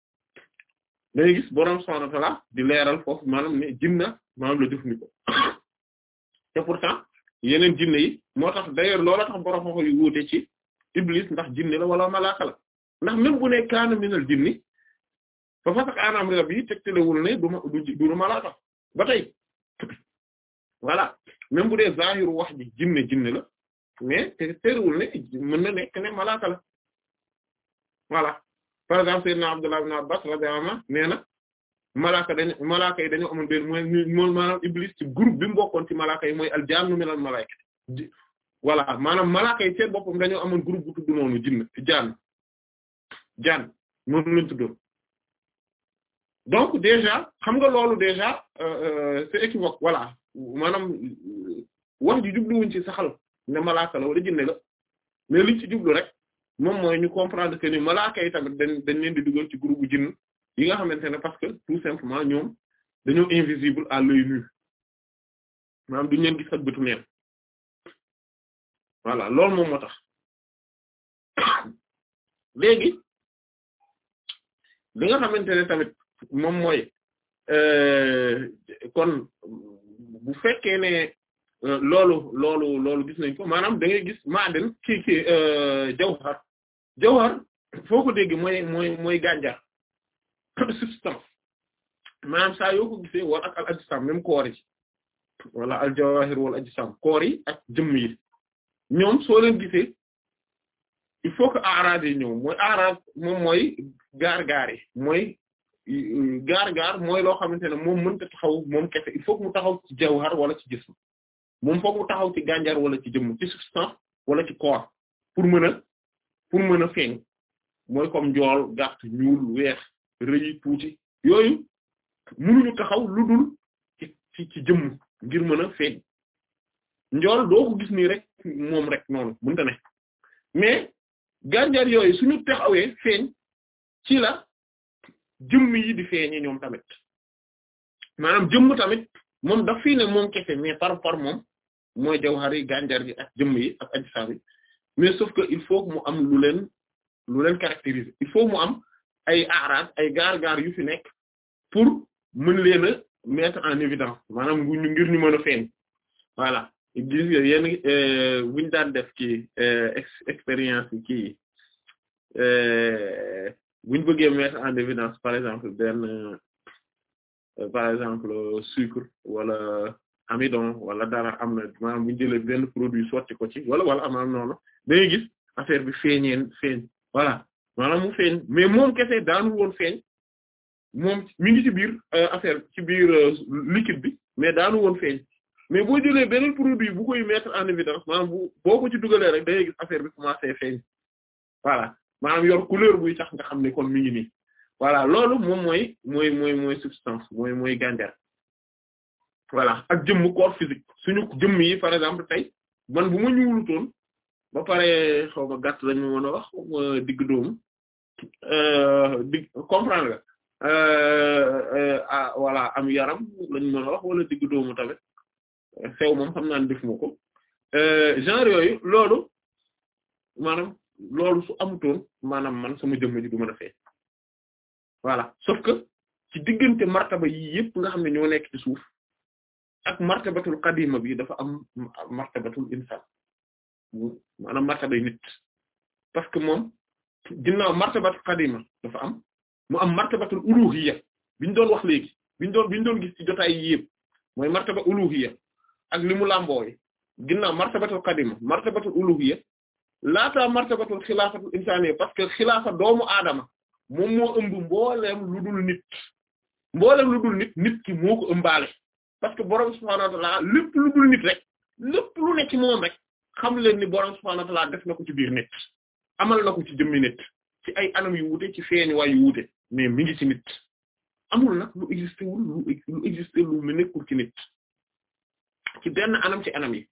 dañuy gis borom subhaanahu di leeral foofu maanaam ne jinna maanaam la def ni ko te pourtant yeneen jinne yi moo tax d'ailleurs loola tax borom xoox yu wuute ci iblis ndax jinne la wala malaaka la ndax même bu ne kaana minal jinni fa fasak an amri rabbi tegtalewul du ma du du malaaka ba tey voilà même bu dee zahiru wax ji jinne jinne la mais te terewul ne mën na nekk ne malaaka la voilà par exemple Seydina Abdullah ibn Abbas radiyallahu anhu nee na malaaka dañ malaaka yi dañoo amoon benn mooy bi mu bokkoon ci mooy aljaannu minal malaa'ika voilà maanaam malaaka yi seen boppam dañoo amoon groupe bu tudd noonu jinn jaan jaan moom lañ donc déjà xam nga loolu déjà euh, euh, c'est équivoque voilà maanaam wax ji jubluwuñ ci saxal ne malaaka la wala jinne la mais liñ ci jublu rek moom mooy ñu comprendre que ni malaaka yi tamit dañ dañ leen di dugal ci groupe jinn yi nga xamante ne parce que tout simplement ñoom dañoo invisible à l'œil nu du duñ leen gis bëtu neen voilà loolu moom moo tax léegi li nga xamante ne tamit moom mooy euh, kon bu fekkee ne euh, loolu loolu loolu gis nañ ko maanaam da ngay gis maaden kii kii euh, jawhar jawhar foo ko dégg mooy mooy mooy gànjar substance maanaam saa yoo ko gisee ak al ajsam même koor wala al jawahir wal ajsam yi ak jëmm yi ñoom soo il faut que aaraad yi ñëw mooy aaraad moom mooy gaar gaar mooy gaar gaar mooy loo xamante ne moom mënta taxaw moom kese il faut que mu taxaw ci jawhar wala ci jism moom foog mu taxaw ci gànjar wala ci jëmm ci substance wala ci corps pour mën a pour mën a feeñ mooy comme njool gàtt ñuul weex rëy tuuti yooyu mënuñu taxaw lu dul ci ci jëmm ngir mën a feeñ njool doo ko gis nii rek moom rek noonu mënta ne mais gànjar yooyu suñu taxawee feeñ ci jëmm yi di feeñe ñoom tamit maanaam jëmm tamit moom da fii ne moom kese mais par par moom mooy jawhar yi gànjar gi ak jëmm yi ak ajsaam yi mais sauf que il faut que mu am lu leen lu il faut mu am ay aaraat ay gaar-gaar yu fi nekk pour mën leen a en évidence maanaam ñu ngir ñu mën a feeñ voilà gis nga yéen euh, daan def ci euh, expérience yi kii euh, bu ñu bëggee mettre en évidence par exemple benn euh, par exemple euh, sucre wala amidon wala dara am na maanaam bu jëlee benn produit sotti ci wala wala am na noonu da ngay gis affaire bi feeñeen feeñ voilà maanaam mu feeñ mais moom kese daanu woon feeñ moom mi biir euh, affaire ci biir liquide bi mais daanu woon feeñ mais boo jëlee benn produit bu koy mettre en évidence maanaam bu boo ko ci dugalee rek da gis affaire bi commencé feeñ voilà maanaam yor couleur buy tax nga xam ne kon mi ngi nii voilà loolu moom mooy mooy mooy mooy substance mooy mooy gànjar ak jëmm corps physique suñu jëmm yi par exemple tey man bu ma ñuulutoon ba pare xaw ma gàtt lañ ma mën a wax digg doomu euh, digg comprendre nga euh, euh, ah am yaram lañ mën a wax wala digg doomu tamit xew moom xam naa ne def ko genre yooyu loolu maanaam loolu su amutoon maanaam man sama jëmm ji du mën a feeñ voilà sauf que ci diggante martaba yi nga xam ne ñoo nekk ci suuf ak martabatul qadima bi dafa am martabatul insaan maanaam martabay nit parce que moom ginnaaw martabatul qadima biñ doon wax léegi biñ doon biñ doon gis mooy martaba uluhiyya ak li mu làmbooy ginnaaw martabatul qadima martabatul uluhiyya laataa martabatul xilaafatul insaaniyya parce que xilaafa doomu aadama moom moo ëmb mbooleem lu nit mbooleem lu nit nit ki moo ko parce que borom subhaanahu wa ta'aala nit rek lépp lu ne ci moom rek xam leen ni borom subhaanahu wa na ko ci nit amal na ko ci jëmmi nit ci ay anam yu wuute ci feeñ waay yu wuute mais mi ngi ci nit amul nag lu existé wul lu e-, existé lu mu nekkul ci nit ci benn anam ci anam yi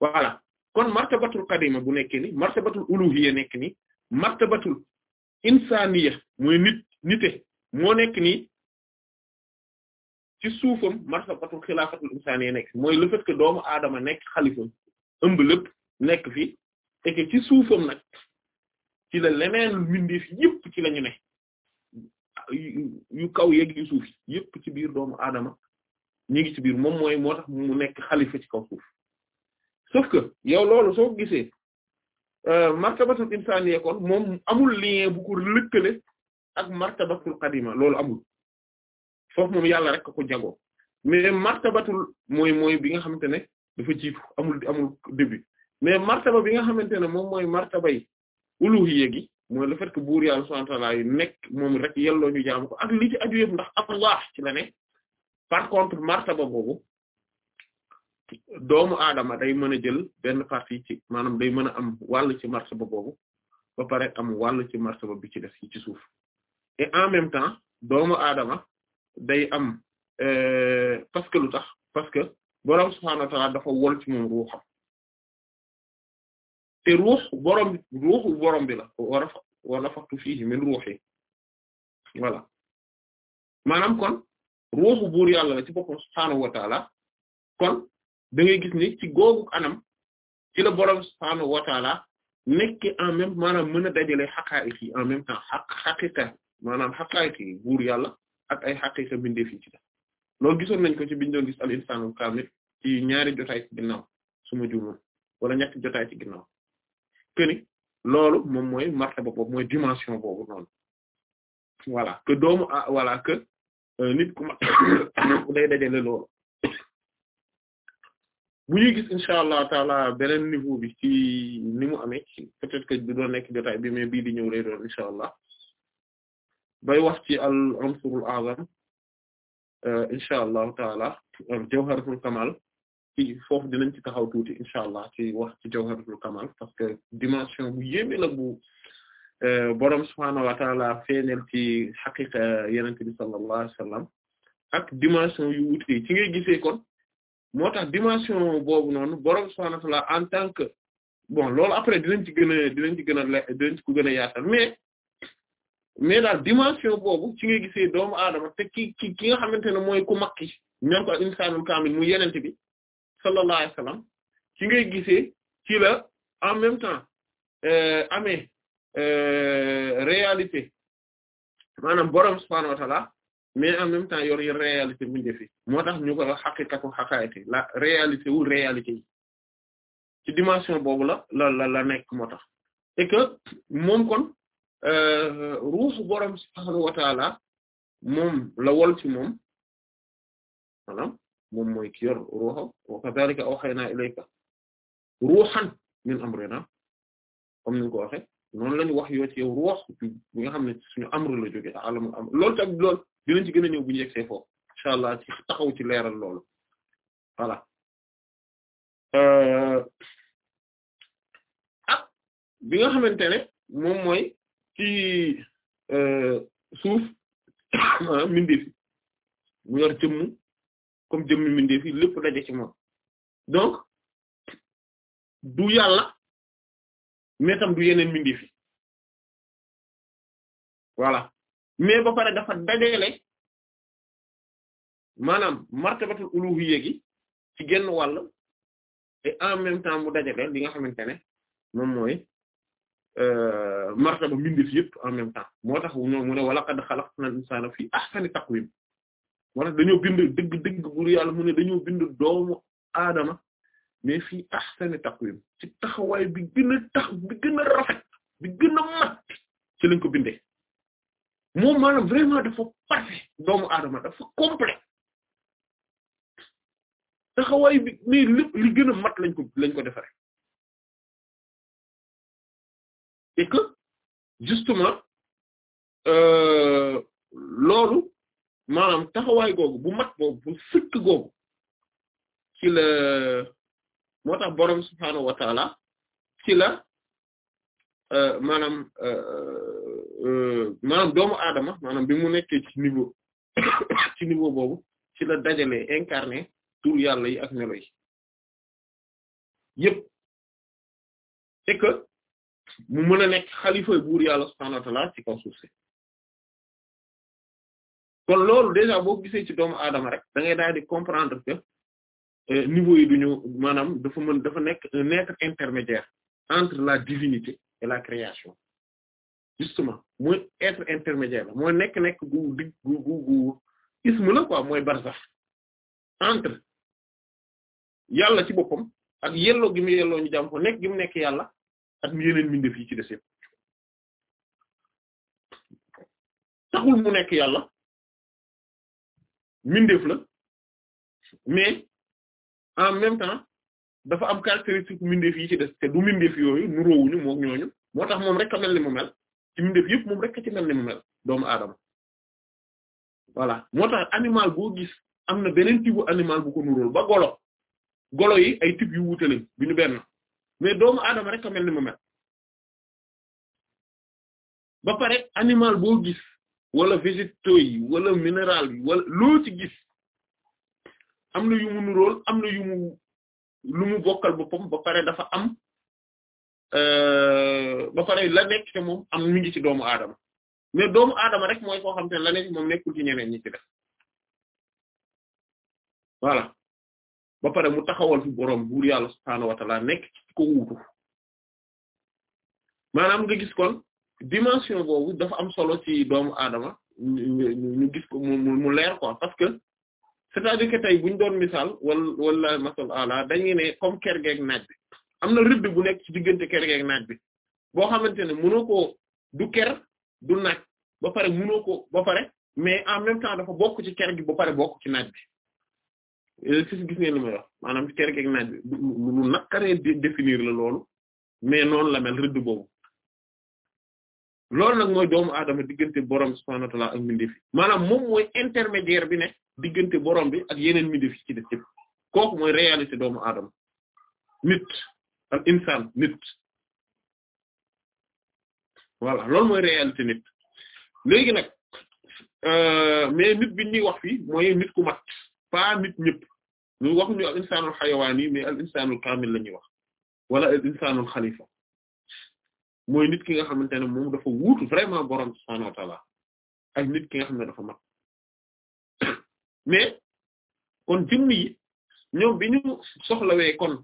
voilà. kon martabatul qadima bu nekkee ni martabatul uluhiyya nekk ni martabatul insaniya mooy nit nite moo nekk nii ci suufam martabatul xilaafatul insaniya nekk mooy le fait doomu aadama nekk xalifam ëmb lépp nekk fi et ci suufam nag ci la leneen mbindeef yëpp ci la ñu ne yu kaw yeeg yu suuf yëpp ci biir doomu aadama ñu ngi ci biir moom mooy moo tax mu nekk xalifa ci kaw suuf sauf que yow loolu soo ko gisee euh, martabatul insaniya kon moom amul lien bu ko lëkkale ak martabatul qadima loolu amul foofu moom yàlla rek ko jagoo mais martabatul mooy mooy bi nga xamante ne dafa jiitu amul amul début mais martaba bi nga xamante ne moom mooy martabay uluhiyya gi mooy le fait que buur yàlla subhanahu wa ta'ala yi rek yelloo ñu jaamu ko ak li ci aju ndax Allah ci la ne par contre martaba boobu doomu aadama day mën a jël benn partie ci maanaam day mën a am wàll ci martaba boobu ba pare am wàll ci martaba bi ci def yi ci suuf et en même temps doomu aadama day am euh, parce que lu tax parce que boroom subhaanahu dafa wol ci moom ruuxam te ruux boroom bi la war wa nafaxtu fiihi min ruuhi voilà maanaam kon ruuxu buur yàlla la ci boppam subhaanahu wa kon da ngay gis ni ci googu anam ci la borom subhaanahu wa taala en même maanaam mën a dajale xaqaa'iq yi en même temps xaq xaqiqa maanaam xaqaa'iq yi buur yàlla ak ay xaqiqa bindeef yi ci def loolu gisoon nañ ko ci biñ doon gis al insaanul kaamil ci ñaari jotaay ci ginnaaw su ma juumoon wala ñetti jotaay ci ginnaaw que loolu moom mooy martaba boobu mooy dimension boobu noonu voilà que doomu ah voilà que euh, nit ku ma day loolu bu ñuy gis incha allah taala beneen niveau bi ci ni mu amee bi mais bii di ñëw lay doon incha allah bay wax ci al ansurul azam euh, incha allah taala jawharatul kamal ci foofu dinañ ci taxaw tuuti incha allah ci wax ci jawharatul kamal parce que dimension bu yéeme la bu euh, borom subhaanahu wa taala feeñal ci xaqiqa yenente bi sallallahu wa sallam ak dimension yu wuute ci ngay gisee moo tax dimension boobu noonu borom subhaanahu wa en tant que bon loolu après dinañ ci gën a dinañ ci gën a le dinañ ko gën a yaatal mais mais daal dimension boobu ci nga gisee doomu aadama te ki ki ki nga xamante ne mooy ku makki ñan ko ak insaanul kaamil mu yenente bi sallallahu alayhi wasallam ci ngay gisee ci la en même temps euh, amee euh, réalité maanaam borom subhaanahu wa mais en même temps yor yi réalité bu njëfi moo tax ñu koy wax xaqiqatu xaqaayati la réalité wu réalité yi ci dimension boobu la la la la nekk moo tax et moom kon euh, ruuxu boroom subhaanahu wa taala moom la wol ci moom maanaam moom mooy ki yor ruuxa wa kadhalika awhaynaa ilayka ruuxan min amrina comme ni ko waxe noonu lañu wax yoo ci yow ruux bi nga xam ne suñu amru la jóge alamul amr loolu tam lool dinañ ci gën a ñëw bu ñu yegsee foofu incha allah ci taxaw ci leeral loolu voilà ah bi nga xamante ne moom mooy ci euh, suuf maanaam mbindeef yi mu yor jëmm comme jëmmi mbindeef yi lépp daje ci moom donc du yàlla mais tam du yeneen mbindeef yi mais ba pare dafa dajale maanaam martabatul uluhiyya gi ci genn wàll et en même temps mu dajale li nga xamante ne moom mooy euh, martaba mbindeef yëpp en même temps moo tax mu ne wa fii ahsani taqwiim wala dañoo bind dëgg dëgg buur yàlla mu ne dañoo bind doomu aadama mais fii ahsani taqwiim ci taxawaay bi mat ci lañ ko binde moom maanaam vraiment dafa parfait doomu aadama dafa complet taxawaay bi mais a mat lañ ko lañ ko defaree et que justement euh, loolu maanaam taxawaay googu bu mat boobu bu sëkk googu la moo tax boroom subhaanahu wa taala la Euh, maanaam euh, euh, maanaam doomu aadama maanaam bi mu nekkee ci niveau ci niveau boobu ci la dajalee incarné tur yàlla yi ak melo yi yëpp c'est mu mën a nekk xalifa buur yàlla subhaanahu wa ta'aala ci kaw suuf si kon loolu déjà boo gisee ci doomu aadama rek da ngay comprendre que niveau yi duñu maanaam dafa mën dafa nekk un être intermédiaire entre la divinité et la création justement mooy être intermédiaire mooy nekk-nekk gu dig gu gu gu ismu la quoi mooy barsax entre yàlla ci boppam ak yelloo gi mu yelloo ñu jàmm ko nekk gi nekk yàlla ak mu yeneen mbindeef yi ci des taxul mu nekk yàlla mbindeef la mais en même temps dafa am caractéristique mindeef yi ci des te du mindeef yooyu nu róowuñu moom moo tax moom rek a mel ni mu mel ci mindeef yëpp moom rek a ci mel ni mu mel doomu aadama voilà moo tax am na beneen type animal bu ko yi ay benn mais doomu aadama rek a mel ni mu mel ba pare animal boo gis wala végétaux yi wala minéral yi wala loo ci gis am na yu mu am na yu lu mu bokkal boppam ba pare dafa am euh, ba pare la nekk moom am mi ngi ci doomu aadama mais doomu aadama rek mooy koo xam te la nekk moom nekkul ci ñeneen ñi ci def voilà ba pare mu taxawal fi boroom buur yàlla subhaanahu wa ta'ala nekk ci ko wuutu maanaam nga gis kon dimension boobu dafa am solo ci doomu aadama ñu gis ko mu mu leer quoi parce c'est-à-dire que tey bu ñu doon misaal wala wala masal ala dañuy ne comme kergeeg naaj bi am na rëdd bu nekk ci ker kergeeg naaj bi boo xamante ne mënoo ko du ker du naaj ba pare mënoo ko ba pare mais en même temps dafa bokk ci ker gi ba pare bokk ci naaj bi si gis ngeen maanaam ci kergeeg naaj bi lu naqaree définir la loolu mais noonu la mel rëdd boobu loolu nag mooy doomu aadama diggante borom subhaanahu wa ta'aala ak moom mooy intermédiaire bi ne diggante borom bi ak yeneen mi def ci def ci kooku mooy réalité doomu aadama nit al insaan nit voilà loolu mooy réalité nit léegi nag euh, mais nit bi ñuy wax fii mooy nit ku mat pas nit ñëpp ñu waxuñu al insaanul xayawaan yi mais al insaanul kaamil wax wala al insaanul xalifa mooy nit ki nga xamante ne moom dafa wuutu vraiment borom subhaanahu wa taala ak nit ki nga xam ne dafa mat mais kon jëmm yi ñoom bi ñu soxlawee kon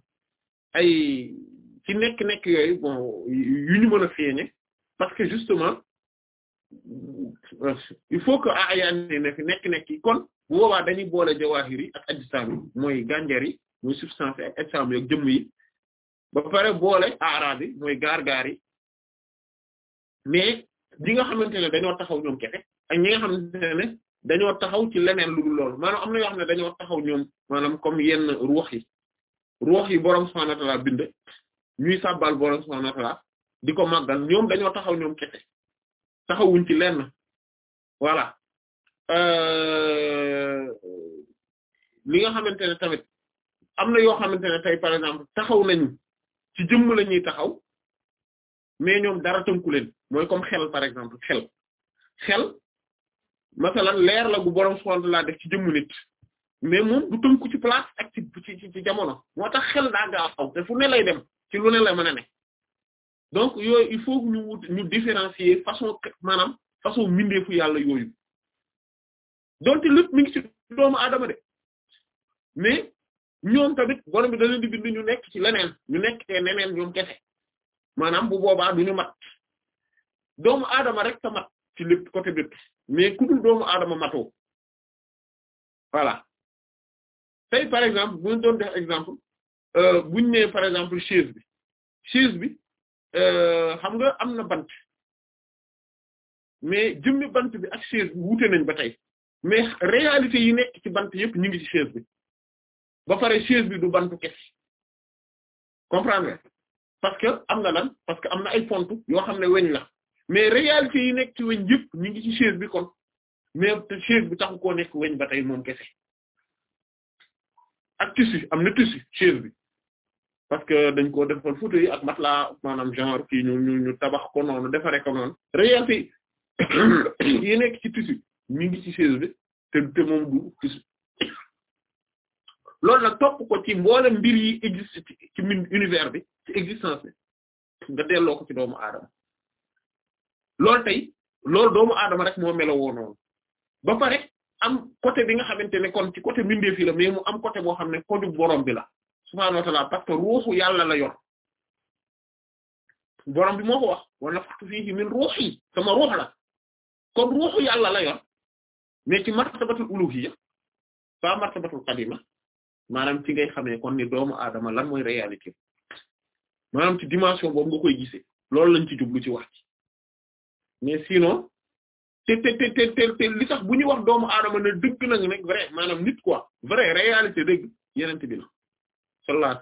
ay ci nek nekk yooyu bon yu ñu a feeñe parce que justement il faut que ayaan ne fi nekk-nekk yi kon bu boobaa dañuy boole jawaahir yi ak ajsaam yi mooy gànjar yi mooy substance yi ak ajsaam yi ak jëmm yi ba pare boole aaraab yi mooy gaar-gaar mais ñi nga xamante ne dañoo taxaw ñoom kese ak ñi nga dañoo taxaw ci leneen lu dul loolu maanaam am na yoo xam ne dañoo taxaw ñoom maanaam comme yenn ruux yi ruux yi borom subhaanahu wa ta'aala bind ñuy sàbbal borom subhaanahu wa ta'aala di ko màggal ñoom dañoo taxaw ñoom kete taxawuñ ci lenn voilà euh, li nga xamante ne tamit am na yoo xamante ne tey par exemple taxaw nañu ci la ñuy taxaw mais ñoom dara tënku leen mooy comme xel par exemple xel. masalan leer la gu borom subhanahu wa ta'ala def ci jëmmu nit ci jamono moo tax xel daa gaaw te fu ne lay dem ci lu ne la ma a ne donc yooyu il faut ñu wut ñu différencier façon maanaam façon mbindeefu yàlla yooyu donte lépp mi ngi ci doomu aadama de mais ñoom tamit borom bi da leen di bind ñu nekk ci leneen ñu nekk te neneen ñoom kese maanaam bu boobaa du ñu mat doomu aadama rek ta mat ci lépp côté bépp mais ku dul doomu aadama matoo voilà tey par exemple bu ñu doon exemple euh, bu ñu par exemple chaise bi chaise bi euh, xam nga am na bant mais jëmmi bant bi ak chaise bi wuute nañ ba tey mais réalité yi nekk ci bant yëpp ñu chaise bi ba pare chaise bi du bantu kese comprendre parce que am na lan parce que am na ay pont yoo xam ne weñ la. mais réalité yi nekk ci weñ yëpp ñu ngi ci chaise bi kon mais te chaise bi taxu koo nekk weñ ba tey moom kese ak tissu am na tissu chaise bi parce que dañ ko defal photo yi ak matelas maanaam genre kii ñu ñu tabax ko noonu defaree ko noonu réalité yi nekk ci tissu ñu ngi ci chaise bi te te moom du tissu loolu nag topp ko ci mboolem mbir yi existe ci univers bi ci existence bi nga delloo ko ci doomu aadama lool tey loolu doomu aadama rek moo melowoo noonu ba pare am côté bi nga xamante ne kon ci côté mbindeef yi mu am coté boo xam ne côté borom bi la subhaanahu wa ta'aala parce yàlla la yor borom bi moo ko wax wa nafaxtu fiihi min ruuhi sama ruux la kon ruuxu yàlla la yor mais ci martabatul uluhiyya fa martabatul qadima maanaam ci ngay xamee kon ni doomu aadama lan mooy réalité maanaam ci dimension boobu nga koy gisee loolu lañ ci jublu ci wax mais sinon te te te te te li tax bu ñu wax doom aadama ne dëgg nag nag vrai maanaam nit quoi vrai réalité dëgg yenent bi la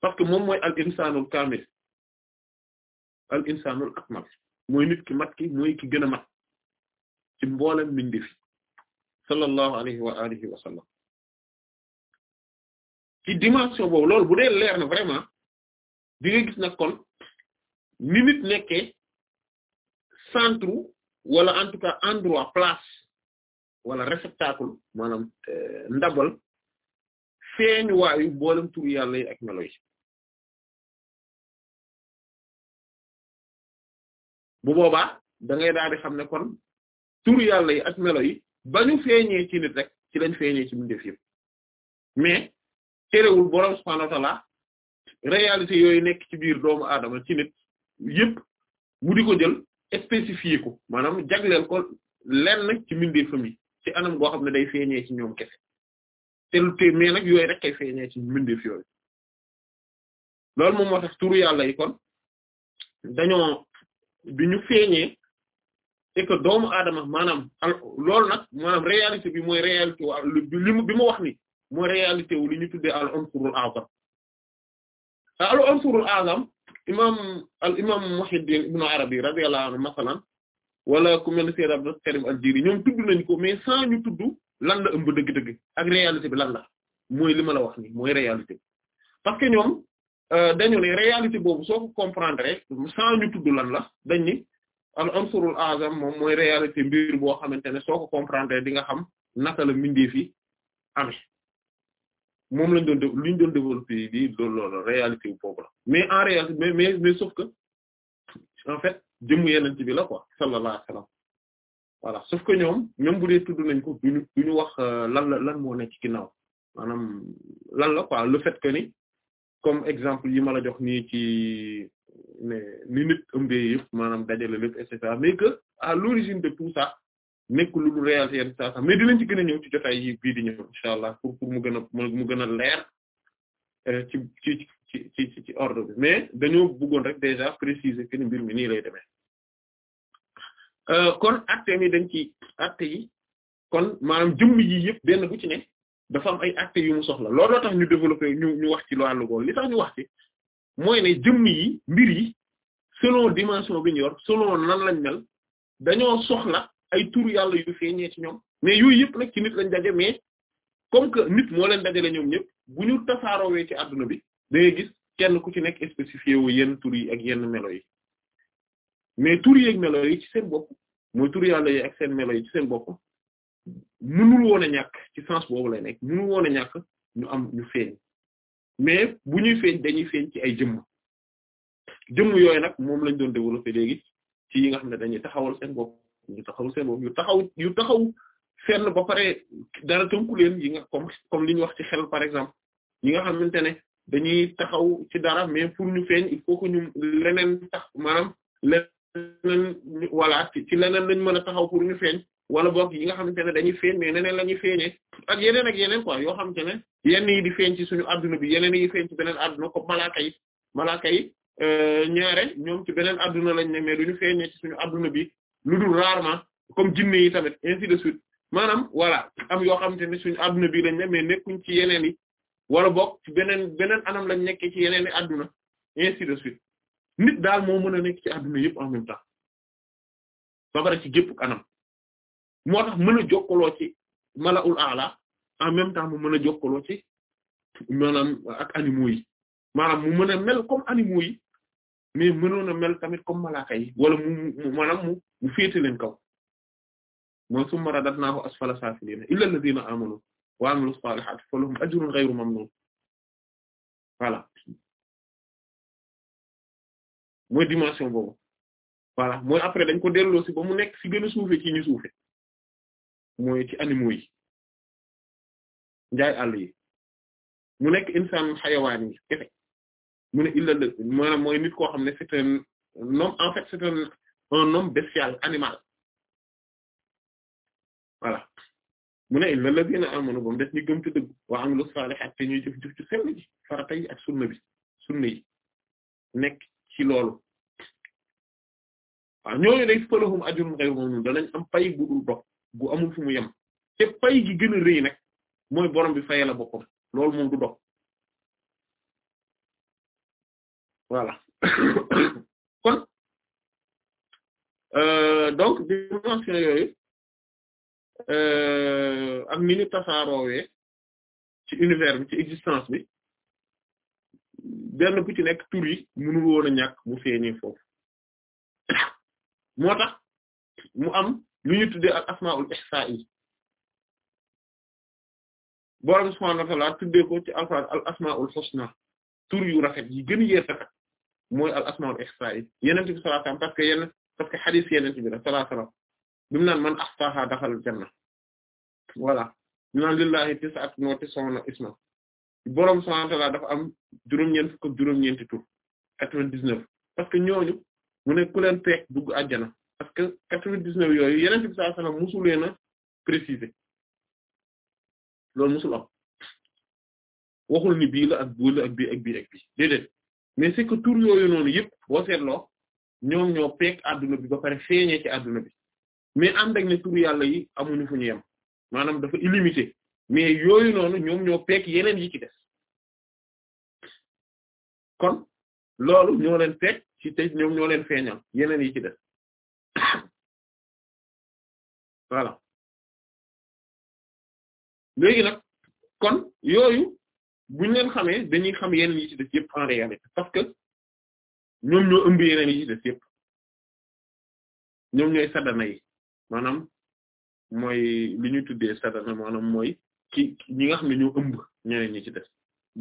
parce que moom mooy al insanul kamil al insanul akmal mooy nit ki mat ki mooy ki gën mat ci mboolem mbindeef sallallahu alayhi wa alihi wa sallam ci dimension boobu loolu bu dee leer na vraiment di nga gis nag kon ni nit nekkee wala en tout cas endroit place wala réceptacle maanaam euh, ndabal feeñuwaayu boolem turu yàlla yi ak melo yi bu boobaa dangay ngay xam ne kon tur yàlla yi ak melo yi ba ñu feeñee ci nit rek ci lañ feeñee ci mbindeef yëpp mais terewul boroom subhaanahu wa réalité yooyu nekk ci biir doomu aadama ci nit yëpp mu di ko jël spécifié ko maanaam jagleel ko lenn ci mbindeef mi ci anam goo xam ne day feeñee ci ñoom kese te te mais nag rek kay feeñee ci mbindeef yooyu loolu moom moo tax turu yàlla yi kon dañoo bi ñu feeñee et que doomu aadama maanaam loolu nag maanaam réalité bi mooy réalité wu li mu bi mu wax ni mooy réalité wu li ñu tuddee al unsurul azam al imaam al imaam Muhiddin ibnu Arabi radiyallahu anhu wala ku mel ne Sayyid Abdul Karim ñoom tudd nañ ko mais sans ñu tudd lan la ëmb dëgg-dëgg ak réalité bi lan la mooy li ma la wax ni mooy réalité bi parce que ñoom euh, dañu ne réalité boobu soo ko comprendre sans ñu tudd lan la dañ ni al ansurul azam moom mooy réalité mbir boo xamante ne soo ko comprendre di nga xam naka la mbindeef yi amee moom lañ doon lu ñu doon développé di loolu loolu réalité bu boobu mais en réalité mais mais mais sauf que en fait jëmu yeneen ci bi la quoi sallallahu alayhi voilà sauf que ñoom même bu dee tudd nañ ko duñu duñu wax euh, lan la lan moo nekk ci naw maanaam lan la quoi le fait que ni comme exemple yi ma la jox nii ci ne ni nit ëmbee yëpp maanaam dajale lépp et a mais que à l'origine de tout ça nekk lu dul réalité saa sax mais dinañ ci gën ñëw ci jotaay yi bii di ñëw incha allah pour pour mu gën a mu gën a leer euh, ci ci ordre bi mais dañoo buggoon rek déjà préciser que mbir mi nii lay demee euh, kon actes yi dañ ci actes yi kon maanaam jëmm yi yëpp benn bu ci ne dafa am ay actes yu mu soxla looloo tax ñu développer ñu ñu wax ci wàllu góor li tax ñu wax ci mooy ne jëmm yi mbir yi selon dimension bi ñu yor selon nan lañ mel dañoo soxla. ay turu yàlla yu feeñee ci ñoom mais yooyu yëpp nag ci nit lañ daje mais comme que nit moo leen dajale ñoom ñëpp bu ñu tasaaroowee ci àdduna bi da ngay gis kenn ku ci nekk spécifié wu yenn tur yi ak yenn melo yi mais tur yi ak melo yi ci seen bopp mooy tur yàlla yi melo yi seen bopp mënul woon a ñàkk ci sens boobu lay nekk mënul woon a ñàkk ñu am ñu feeñ mais bu ñuy feeñ dañuy feeñ ci ay jëmm jëmm yooyu nag moom lañ doon développé léegi ci yi nga xam ne dañuy taxawal seen bopp yu taxaw seen bopp yu taxaw yu taxaw fenn ba pare dara tënku leen yi nga comme comme li ñu wax par exemple ñi nga xamante ne dañuy taxaw ci dara mais pour ñu feeñ il faut que ñu leneen tax maanaam leneen voilà ci leneen lañ mën a taxaw pour ñu feeñ wala boog yi nga xamante ne dañuy feeñ mais leneen la ñuy feeñee ak yeneen ak yeneen quoi yoo xamante ne yenn yi di feeñ suñu adduna bi yeneen yi feeñ ci beneen adduna comme malaaka yi malaaka yi euh, ñaare ñoom ci beneen adduna lañ ne mais ñu feeñee ci suñu adduna bi lu dul rarement comme jinne yi tamit ainsi de suite maanaam voilà am yoo xamante ne suñu adduna bii lañ ne mais nekkuñ ci yeneen yi wala bokk beneen beneen anam lañ nekkee ci yeneen i adduna ainsi de suite nit daal moo mën a nekk ci adduna yëpp en même temps ba pare ci gépp anam moo tax mën a jokkaloo ci mala'ul a'la en même temps mu mën a jokkaloo ci maanaam ak animaux yi mu mën a mel comme animaux mais mënoon a mel tamit comme malaaka wala mu mu maanaam mu mu féete leen kaw mooy summa radadnaahu asfala saafiliina illa allaziina aamanu wa amilu saalihaati falahum ajrun ghayru mamnuun voilà mooy dimension boobu voilà mooy après dañ ko delloo si ba mu nekk si gën a suufe ci ñu suufe mooy ci animaux yi njaay àll mu nekk insaan xayawaan yi mu ne la maanaam mooy nit koo xam ne c'est un homme en fait c'est un un homme bestial animal voilà mu ne illa ladina amanu ba mu des ñu gëm te dëgg te ñuy jëf jëf ci sell ji farata yi ak sunna bi sunna yi nekk ci loolu waaw ñooñu day falahum ajrun ghayru mamnun danañ am pay gu dul dox gu amul fu mu yem te pay gi gën a rëy nag mooy borom bi fayala boppam loolu moom du dox voilà kon euh, donc dimension yooyu euh, ak ni ñu tasaaroowee ci univers bi ci existence bi benn bu nekk tur yi mënu woon a mu feeñee foofu moo tax mu am lu ñu tuddee ak asmaul ihsa yi borom subhanahu wa ta'ala yu rafet yi gën yee rafet mooy al asmaul ihsa'i yenente bi sallallahu alayhi wasallam parce que yenn parce que xadis la sallallahu alayhi wasallam bi mu naan boroom subhanahu wa ta'ala am juróom-ñeent fukk ak juróom-ñeenti tur yooyu yenente bi sallallahu alayhi wasallam bii ak bii ak bii ak bii ak bii déedéet mais c'est que tur yooyu noonu yëpp boo seetloo ñoom ñoo peeg àdduna bi ba pare feeñee ci adduna bi mais ànd ak ne yàlla yi amuñu fu ñu yem maanaam dafa illimité mais yooyu noonu ñoom ñoo peek yeneen yi ci des kon loolu ñoo leen peeg ci tey ñoom ñoo leen feeñal yeneen yi ci des voilà léegi nag kon yooyu buñ leen xamee dañuy xam yeneen yi ci def yëpp en réalité parce ñoom ñoo ëmb yeneen yi ci def yëpp ñoom ñooy sadana yi maanaam mooy li ñu tuddee sadana maanaam mooy ki ñi nga xam ne ñoo ëmb ñeneen ñi ci def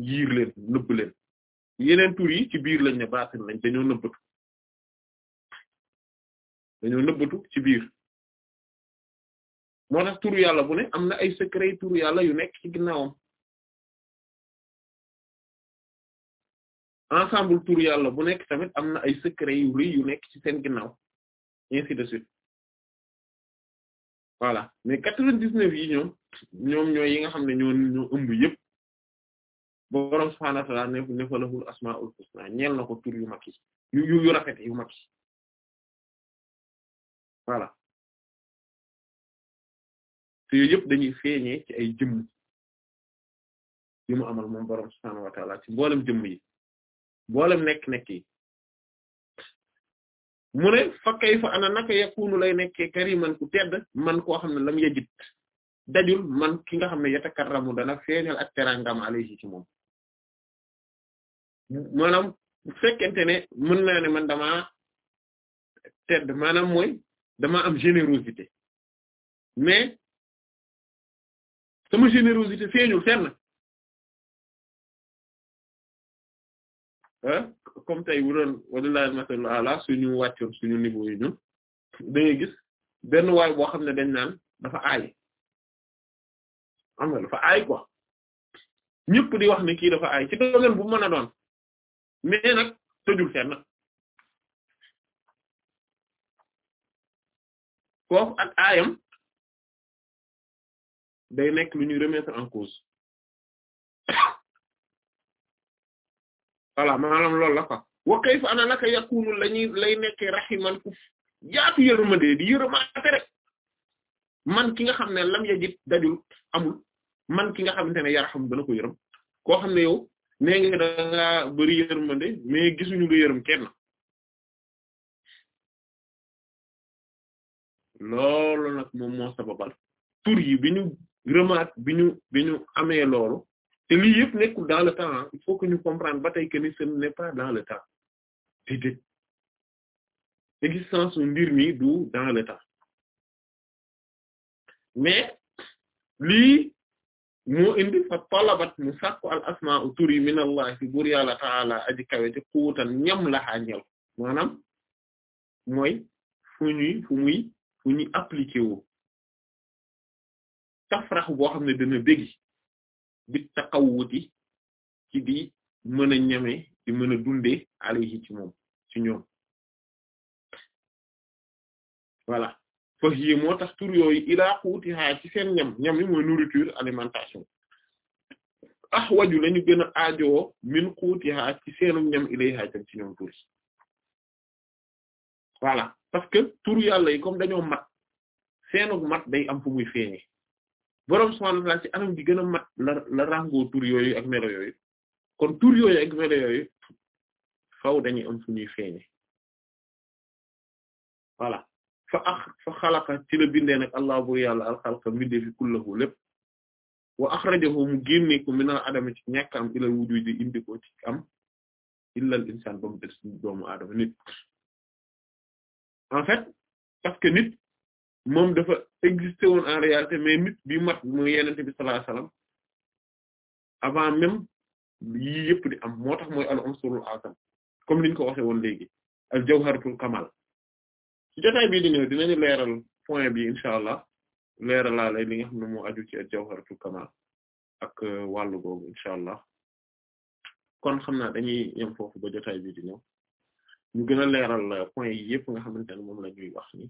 yiir leen nëbb leen yeneen ci biir lañ ne baatin lañ dañoo nëbbatu dañoo moo tax turu yàlla bu ne am na ay secret turu yàlla yu nekk ci ginnaawam ensemble tur yàlla bu nekk tamit am na ay secret yu rëy yu nekk ci seen ginnaaw ainsi de suite voilà mais quatre-vingt-dix-neuf yi ñoom ñoom ñooy yi nga xam ne ñoo ñoo ëmb yëpp boroom subhaanahu wa ta'aala ne fa lahul asmaa'ul husnaa ñeel na ko tur yu mag yi yu yu rafet yu mag yi te yooyu yëpp dañuy feeñee ci ay jëmm yu mu amal moom boroom subhaanahu wa ta'aala ci booleem jëmm yi boolem nekk-nekk yi mu ne fa kayfa ana naka yakunu lay nekkee kariman ku tedd man koo xam ne lam yajit dajul man ki nga xam ne yatakarramu dana feeñal ak terangam alayhi ci moom maanaam bu fekkente ne mën naa ne man dama tedd maanaam mooy dama am générosité mais sama générosité feeñul fenn comme tey bu doon walillahi al-masalul suñu wàccoon suñu niveau yi ñun gis benn waay boo xam ne dañ naan dafa aay am nga dafa aay quoi ñëpp di wax ne kii dafa aay ci domaine bu mën a doon mais nag tëjul fenn foofu ak aayam day nekk lu ñuy remettre en cause voilà maanaam loolu la quoi wa kayfa ana naka yakunu lañuy lay nekkee raximan ku jaatu yërëmandee di yërëmaate rek man ki nga xam ne lam yajit dajul amul man ki nga xamante ne yarxam dana ko yërëm koo xam ne yow nee nga da nga bëri yërëmande mais gisuñu nga yërëm kenn loolu nag moom moo sababal tur yi bi ñu rëmaat bi ñu bi ñu amee loolu te lii yëpp nekkul dans le temps ñu comprendre ba tey que ni ce dans le temps déedéet existence u mbir mi du dans le temps mais lii moo indi fa talabat mu sàkku al asmaa u tur yi minallahi ci buur yàlla ta'ala aji kawe te xuutan ñam laxaa ñel maanaam mooy fu ñuy fu muy fu ñuy appliqué wu tafrax boo xam ne dana bégi bi taxawuti ci di mën a ñame di mën a dundee alayhi ci moom ci ñoom voilà foofu yi moo tax tur yooyu ilaa xuutihaa ci seen ñam ñam yi mooy nourriture alimentation ah waju lañu gën a aajoo min xuutihaa ci seenum ñam ilayhaa tam ci ñoom tur yi voilà parce que tur comme dañoo mat seenug mat day am fu muy borom subhaanahu wa ta'aala ci anam gi gën a mat la la ràngoo tur yooyu ak melo yooyu kon tur yooyu ak melo yooyu faaw dañuy am fu ñuy feeñee voilà fa ax fa xalaqa ci la bindee nag allah bu yàlla al xalqa mbindee fi kullahu lépp wa axrajahu mu génne ko minal adama ci ñàkk am ilal wujudi indi ko ci am illal insaan ba mu nit en fait parce que nit moom dafa existé woon en réalité mais nit bi mat mu yenente bi sallallahu alayhi wasallam avant même yii yëpp di am moo tax mooy al umsurul azam comme liñ ko waxe woon léegi al jawharatul kamal ci jotaay bii di ñëw dinañu leeral point bi incha allah leeralaale li nga xam ne moo aju ci al jawharatul kamal ak euh, wàllu googu incha allah kon xam naa dañuy yem foofu ba jotaay bii di ñëw ñu gën a leeral euh, point yi yëpp nga xamante ne moom la ñuy wax ni